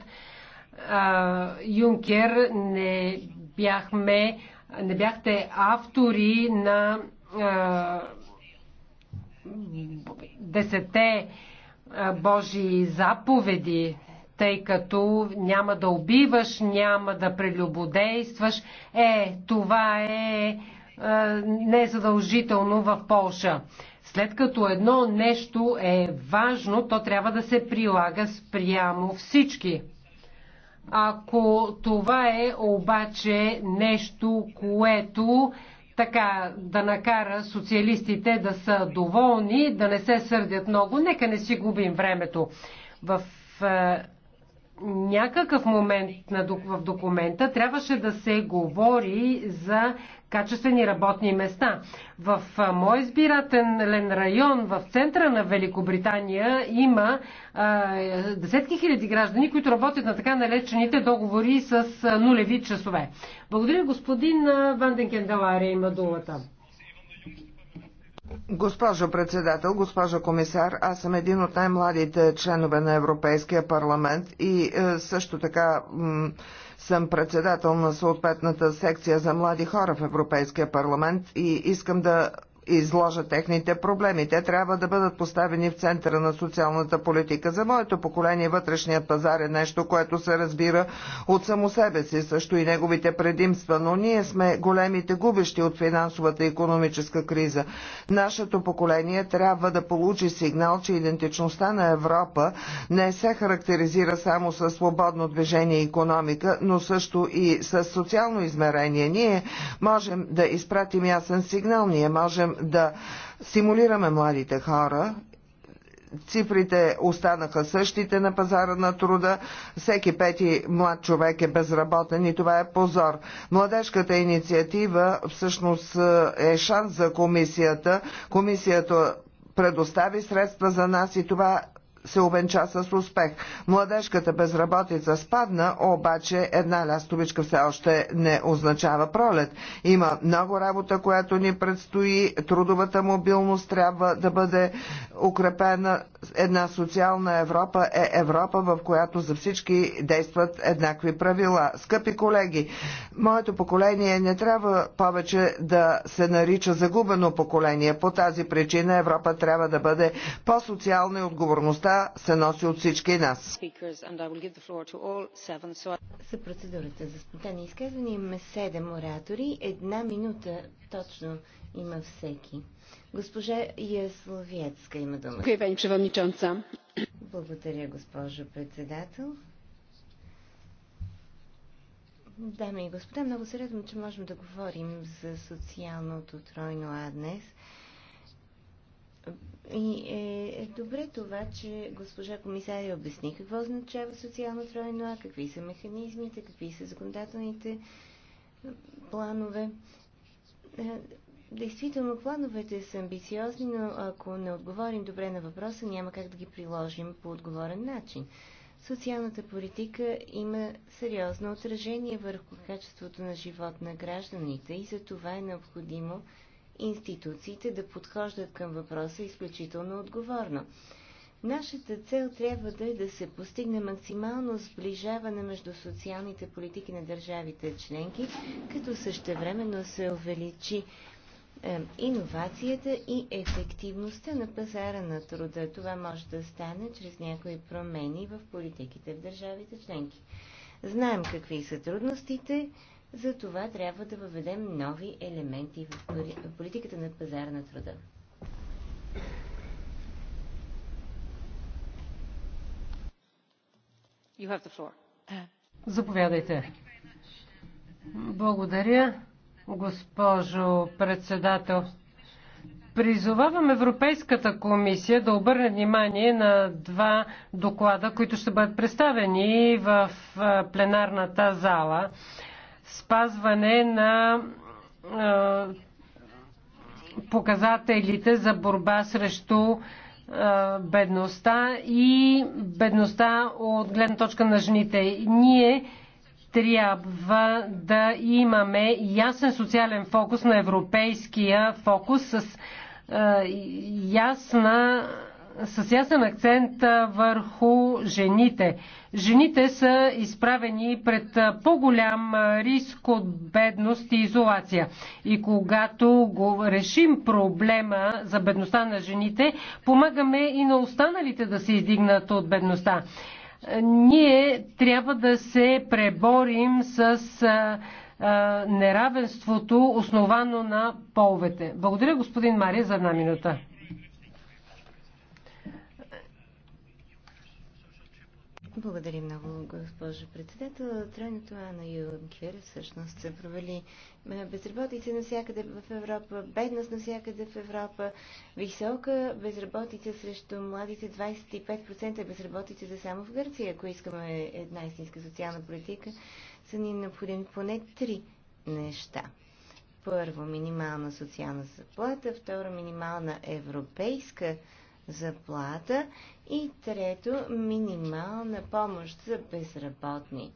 а, Юнкер не бяхме, не бяхте автори на а, десете Божии заповеди, тъй като няма да убиваш, няма да прелюбодействаш. Е, това е незадължително в Полша. След като едно нещо е важно, то трябва да се прилага спрямо всички. Ако това е обаче нещо, което така да накара социалистите да са доволни, да не се сърдят много. Нека не си губим времето. В е, някакъв момент на, в документа трябваше да се говори за качествени работни места. В мой избирателен район, в центъра на Великобритания, има а, десетки хиляди граждани, които работят на така наречените договори с нулеви часове. Благодаря, господин Ванден Кенделария има думата. Госпожо председател, госпожо комисар, аз съм един от най-младите членове на Европейския парламент и е, също така съм председател на съответната секция за млади хора в Европейския парламент и искам да Изложа техните проблеми. Те трябва да бъдат поставени в центъра на социалната политика. За моето поколение вътрешният пазар е нещо, което се разбира от само себе си, също и неговите предимства, но ние сме големите губещи от финансовата и економическа криза. Нашето поколение трябва да получи сигнал, че идентичността на Европа не се характеризира само с свободно движение и економика, но също и с социално измерение. Ние можем да изпратим ясен сигнал, ние можем да стимулираме младите хора цифрите останаха същите на пазара на труда. Всеки пети млад човек е безработен и това е позор. Младежката инициатива всъщност е шанс за комисията. Комисията предостави средства за нас и това се увенча с успех. Младежката безработица спадна, обаче една лястовичка все още не означава пролет. Има много работа, която ни предстои. Трудовата мобилност трябва да бъде укрепена. Една социална Европа е Европа, в която за всички действат еднакви правила. Скъпи колеги, моето поколение не трябва повече да се нарича загубено поколение. По тази причина Европа трябва да бъде по-социална и отговорността се носи от всички нас. За процедурата за спонтанни изказвания имаме седем оратори. Една минута точно има всеки. Госпожа Ясловецка има дума. Благодаря, госпожо председател. Дами и господа, много се радвам, че можем да говорим за социалното тройно А днес – и е, е добре това, че госпожа комисаря обясни какво означава социално тройно А, какви са механизмите, какви са законодателните планове. Е, действително, плановете са амбициозни, но ако не отговорим добре на въпроса, няма как да ги приложим по отговорен начин. Социалната политика има сериозно отражение върху качеството на живот на гражданите и за това е необходимо институциите да подхождат към въпроса изключително отговорно. Нашата цел трябва да е да се постигне максимално сближаване между социалните политики на държавите членки, като същевременно се увеличи е, иновацията и ефективността на пазара на труда. Това може да стане чрез някои промени в политиките в държавите членки. Знаем какви са трудностите, за това трябва да въведем нови елементи в политиката на пазара на труда. You have the floor. Заповядайте. Благодаря, госпожо председател. Призовавам Европейската комисия да обърне внимание на два доклада, които ще бъдат представени в пленарната зала спазване на показателите за борба срещу бедността и бедността от гледна точка на жените. Ние трябва да имаме ясен социален фокус на европейския фокус с ясна с ясен акцент върху жените. Жените са изправени пред по-голям риск от бедност и изолация. И когато го решим проблема за бедността на жените, помагаме и на останалите да се издигнат от бедността. Ние трябва да се преборим с неравенството, основано на половете. Благодаря, господин Мария, за една минута. Благодаря много, госпожо председател. Тройното ана на Юнкер всъщност се провали. Безработица навсякъде в Европа, бедност навсякъде в Европа, висока безработица срещу младите 25% е за само в Гърция. Ако искаме една истинска социална политика, са ни необходими поне три неща. Първо, минимална социална заплата, второ, минимална европейска заплата и трето минимална помощ за безработни.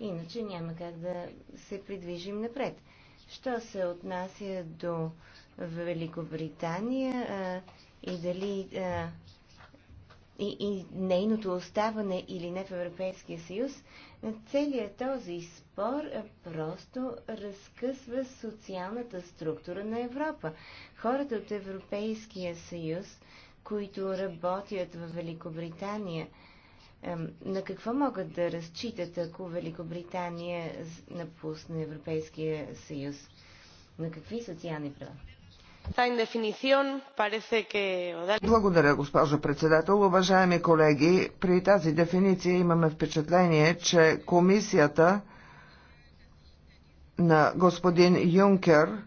Иначе няма как да се придвижим напред. Що се отнася до Великобритания а, и дали а, и, и нейното оставане или не в Европейския съюз, целият този спор просто разкъсва социалната структура на Европа. Хората от Европейския съюз които работят в Великобритания, на какво могат да разчитат, ако Великобритания напусне Европейския съюз? На какви социални права? Благодаря, госпожо председател. Уважаеми колеги, при тази дефиниция имаме впечатление, че комисията на господин Юнкер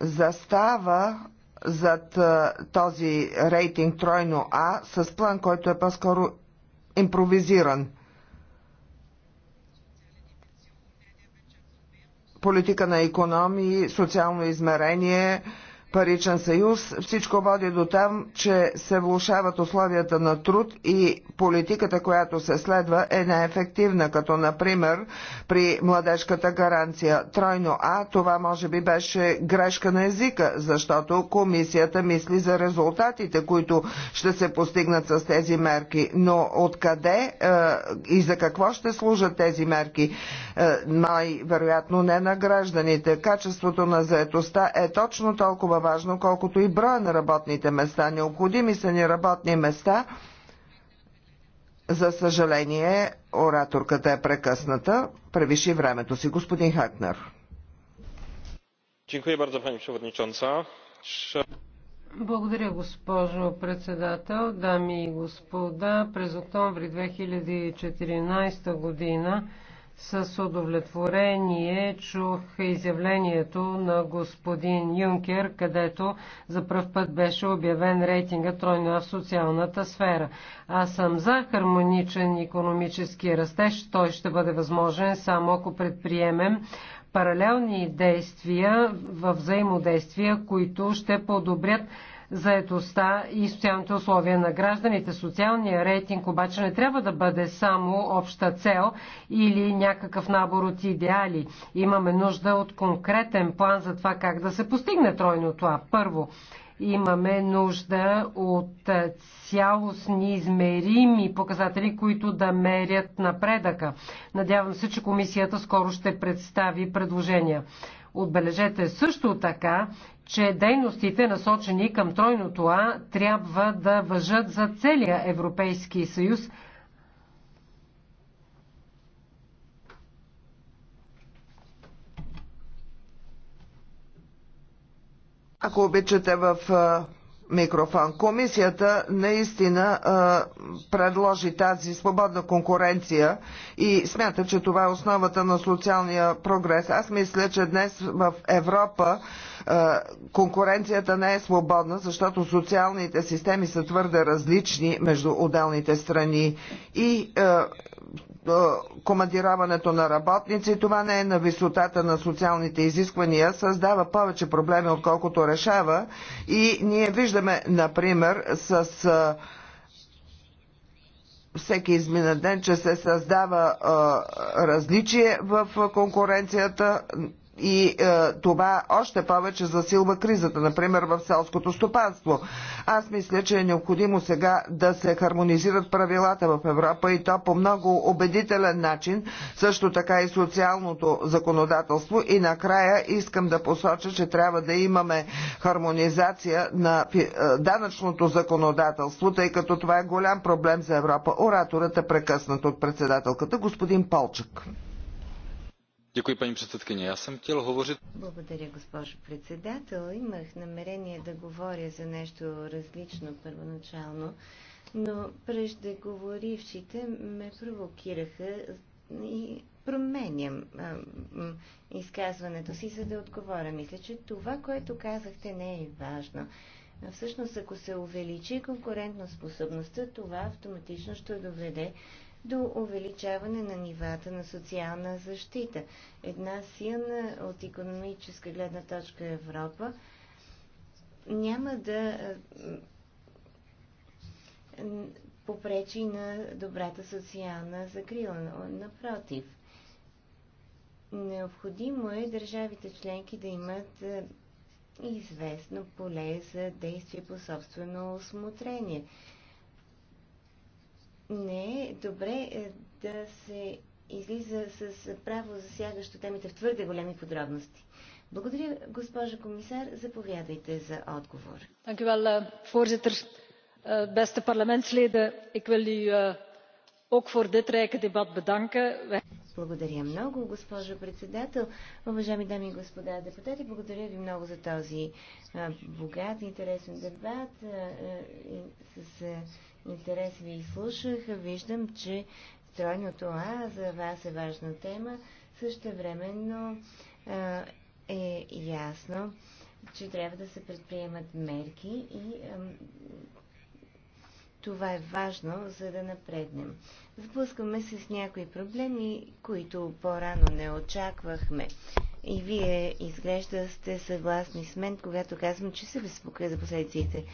застава зад този рейтинг тройно А с план, който е по-скоро импровизиран. Политика на економии, социално измерение, паричен съюз. Всичко води до там, че се влушават условията на труд и политиката, която се следва, е неефективна, като например при младежката гаранция тройно А. Това може би беше грешка на езика, защото комисията мисли за резултатите, които ще се постигнат с тези мерки. Но откъде е, и за какво ще служат тези мерки? Е, най-вероятно не на гражданите. Качеството на заетостта е точно толкова толкова важно, колкото и броя на работните места. Необходими са ни работни места. За съжаление, ораторката е прекъсната. Превиши времето си, господин Хакнер. Благодаря, госпожо председател. Дами и господа, през октомври 2014 година с удовлетворение чух изявлението на господин Юнкер, където за пръв път беше обявен рейтинга тройна в социалната сфера. Аз съм за хармоничен економически растеж. Той ще бъде възможен само ако предприемем паралелни действия в взаимодействия, които ще подобрят заедостта и социалните условия на гражданите. Социалният рейтинг обаче не трябва да бъде само обща цел или някакъв набор от идеали. Имаме нужда от конкретен план за това как да се постигне тройно това. Първо, Имаме нужда от цялостни измерими показатели, които да мерят напредъка. Надявам се, че комисията скоро ще представи предложения. Отбележете също така, че дейностите насочени към тройното А трябва да въжат за целия Европейски съюз, Ако обичате в микрофон. Комисията наистина а, предложи тази свободна конкуренция и смята, че това е основата на социалния прогрес. Аз мисля, че днес в Европа а, конкуренцията не е свободна, защото социалните системи са твърде различни между отделните страни и а, командираването на работници. Това не е на висотата на социалните изисквания, създава повече проблеми, отколкото решава. И ние виждаме, например, с всеки измина ден, че се създава а, различие в конкуренцията и е, това още повече засилва кризата, например в селското стопанство. Аз мисля, че е необходимо сега да се хармонизират правилата в Европа и то по много убедителен начин, също така и социалното законодателство. И накрая искам да посоча, че трябва да имаме хармонизация на е, данъчното законодателство, тъй като това е голям проблем за Европа. Ораторът е прекъснат от председателката господин Полчък. Děkuji, paní předsedkyně. Já jsem chtěl hovořit... Благодаря, госпожо председател. Имах намерение да говоря за нещо различно първоначално, но преждеговорившите ме провокираха и променям изказването си, за да отговоря. Мисля, че това, което казахте, не е важно. Всъщност, ако се увеличи конкурентно способността, това автоматично ще доведе до увеличаване на нивата на социална защита. Една силна от економическа гледна точка Европа няма да попречи на добрата социална закрила. Напротив, необходимо е държавите членки да имат известно поле за действие по собствено осмотрение не е добре е, да се излиза с право засягащо темите в твърде големи подробности. Благодаря, госпожа комисар. Заповядайте за отговор. Dank u wel, eh, voorzitter. Eh, beste parlementsleden, ik wil u eh, ook voor dit rijke debat bedanken. Благодаря много, госпожо председател. Уважаеми дами и господа депутати, благодаря ви много за този богат, интересен дебат с интерес ви изслушах. Виждам, че стройното А за вас е важна тема. Също времено е ясно, че трябва да се предприемат мерки и това е важно, за да напреднем. Сблъскваме се с някои проблеми, които по-рано не очаквахме. И вие изглежда сте съгласни с мен, когато казвам, че се безпокоя за последиците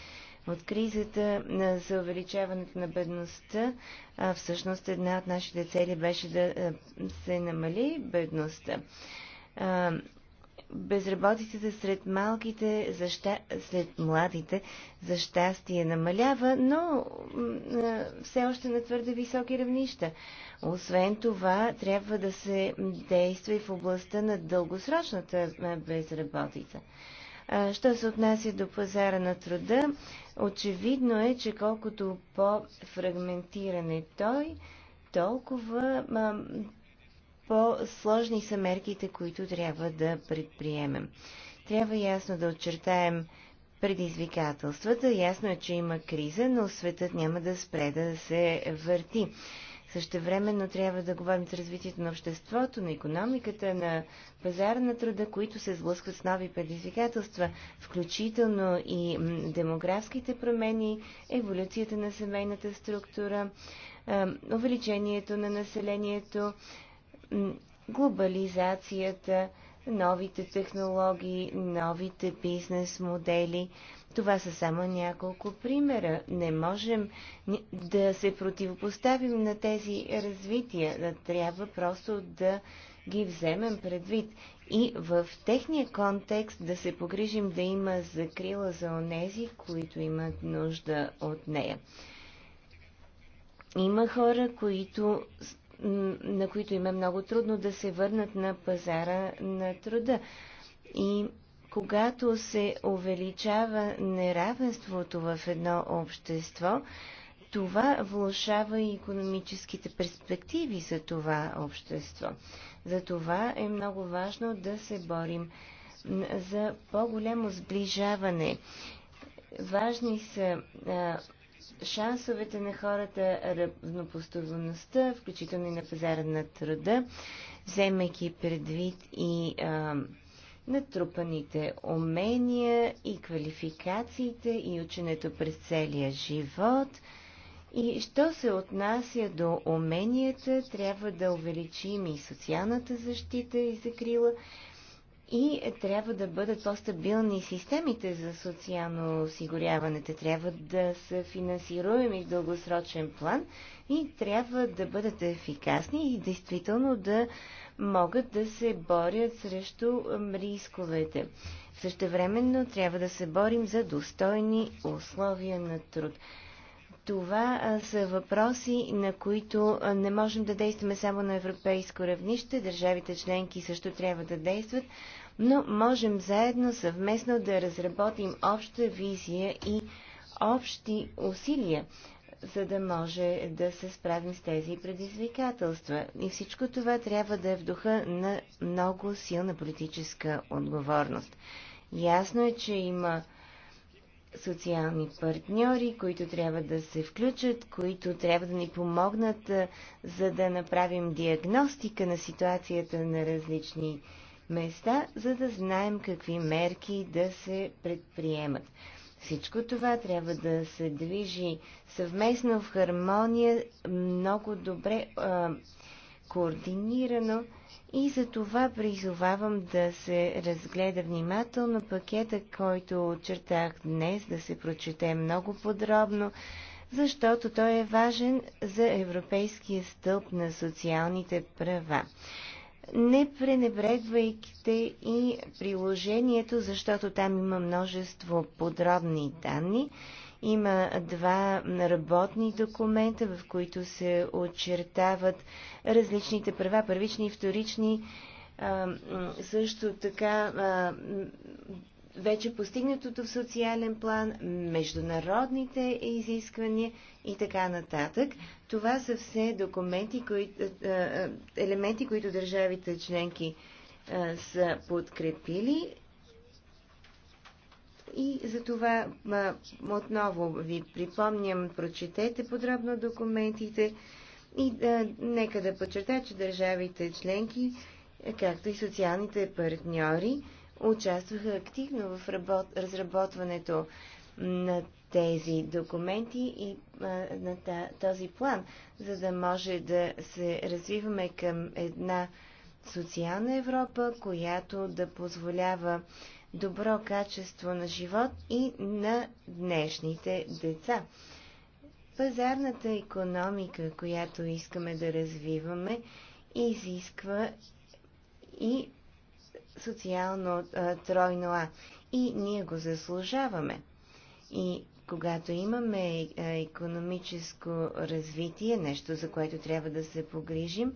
от кризата за увеличаването на бедността. А всъщност една от нашите цели беше да се намали бедността. Безработицата сред малките, за ща... сред младите, за щастие намалява, но все още на твърде високи равнища. Освен това, трябва да се действа и в областта на дългосрочната безработица. Що се отнася до пазара на труда, Очевидно е, че колкото по-фрагментиран е той, толкова по-сложни са мерките, които трябва да предприемем. Трябва ясно да очертаем предизвикателствата. Ясно е, че има криза, но светът няма да спре да се върти. Същевременно трябва да говорим за развитието на обществото, на економиката, на пазара на труда, които се сблъскват с нови предизвикателства, включително и демографските промени, еволюцията на семейната структура, увеличението на населението, глобализацията – новите технологии, новите бизнес модели. Това са само няколко примера. Не можем да се противопоставим на тези развития. Да трябва просто да ги вземем предвид и в техния контекст да се погрижим да има закрила за онези, които имат нужда от нея. Има хора, които на които им е много трудно да се върнат на пазара на труда. И когато се увеличава неравенството в едно общество, това влушава и економическите перспективи за това общество. За това е много важно да се борим за по-голямо сближаване. Важни са а, шансовете на хората, равнопоставеността, включително и на пазара на труда, вземайки предвид и а, натрупаните умения и квалификациите и ученето през целия живот. И що се отнася до уменията, трябва да увеличим и социалната защита и закрила, и трябва да бъдат по-стабилни системите за социално осигуряване. Те трябва да са финансируеми в дългосрочен план и трябва да бъдат ефикасни и действително да могат да се борят срещу рисковете. Същевременно трябва да се борим за достойни условия на труд. Това са въпроси, на които не можем да действаме само на европейско равнище. Държавите членки също трябва да действат, но можем заедно, съвместно да разработим обща визия и общи усилия, за да може да се справим с тези предизвикателства. И всичко това трябва да е в духа на много силна политическа отговорност. Ясно е, че има социални партньори, които трябва да се включат, които трябва да ни помогнат, за да направим диагностика на ситуацията на различни места, за да знаем какви мерки да се предприемат. Всичко това трябва да се движи съвместно в хармония, много добре а, координирано и за това призовавам да се разгледа внимателно пакета, който очертах днес, да се прочете много подробно, защото той е важен за Европейския стълб на социалните права. Не пренебрегвайте и приложението, защото там има множество подробни данни има два работни документа, в които се очертават различните права, първични и вторични. А, също така а, вече постигнатото в социален план, международните изисквания и така нататък. Това са все документи, кои, елементи, които държавите членки са подкрепили и за това отново ви припомням, прочетете подробно документите и да, нека да подчертая, че държавите членки, както и социалните партньори, участваха активно в работ, разработването на тези документи и а, на този план, за да може да се развиваме към една социална Европа, която да позволява добро качество на живот и на днешните деца. Пазарната економика, която искаме да развиваме, изисква и социално а, тройно А. И ние го заслужаваме. И когато имаме е, економическо развитие, нещо за което трябва да се погрижим,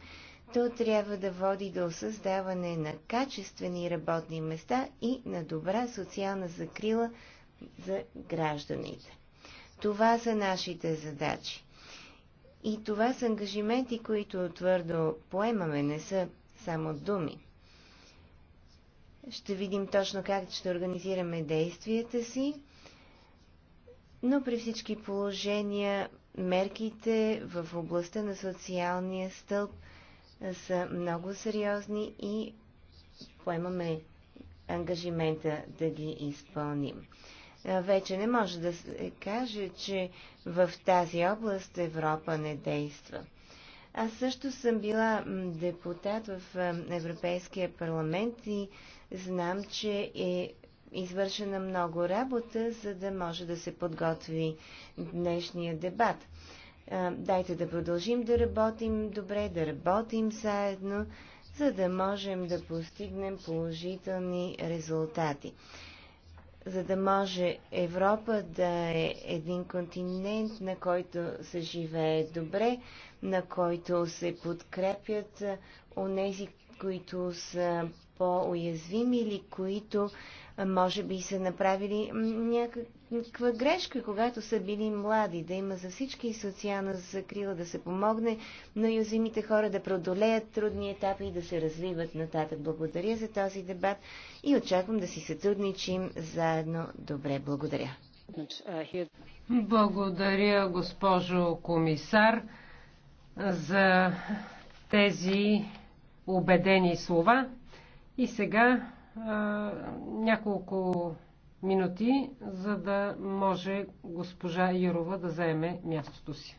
то трябва да води до създаване на качествени работни места и на добра социална закрила за гражданите. Това са нашите задачи. И това са ангажименти, които твърдо поемаме, не са само думи. Ще видим точно как ще организираме действията си, но при всички положения мерките в областта на социалния стълб – са много сериозни и поемаме ангажимента да ги изпълним. Вече не може да се каже, че в тази област Европа не действа. Аз също съм била депутат в Европейския парламент и знам, че е извършена много работа, за да може да се подготви днешния дебат. Дайте да продължим да работим добре, да работим заедно, за да можем да постигнем положителни резултати. За да може Европа да е един континент, на който се живее добре, на който се подкрепят онези, които са по-уязвими или които може би са направили някаква грешка, когато са били млади, да има за всички социална закрила, да се помогне на озимите хора да преодолеят трудни етапи и да се развиват нататък. Благодаря за този дебат и очаквам да си сътрудничим заедно добре. Благодаря. Благодаря, госпожо комисар, за тези убедени слова. И сега а, няколко минути, за да може госпожа Юрова да заеме мястото си.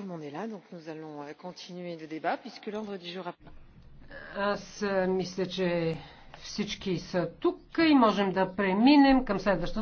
tout le monde est là, donc nous allons continuer le débat puisque l'ordre du jour. a. Аз мисля, че всички са тук и можем да преминем към следващото.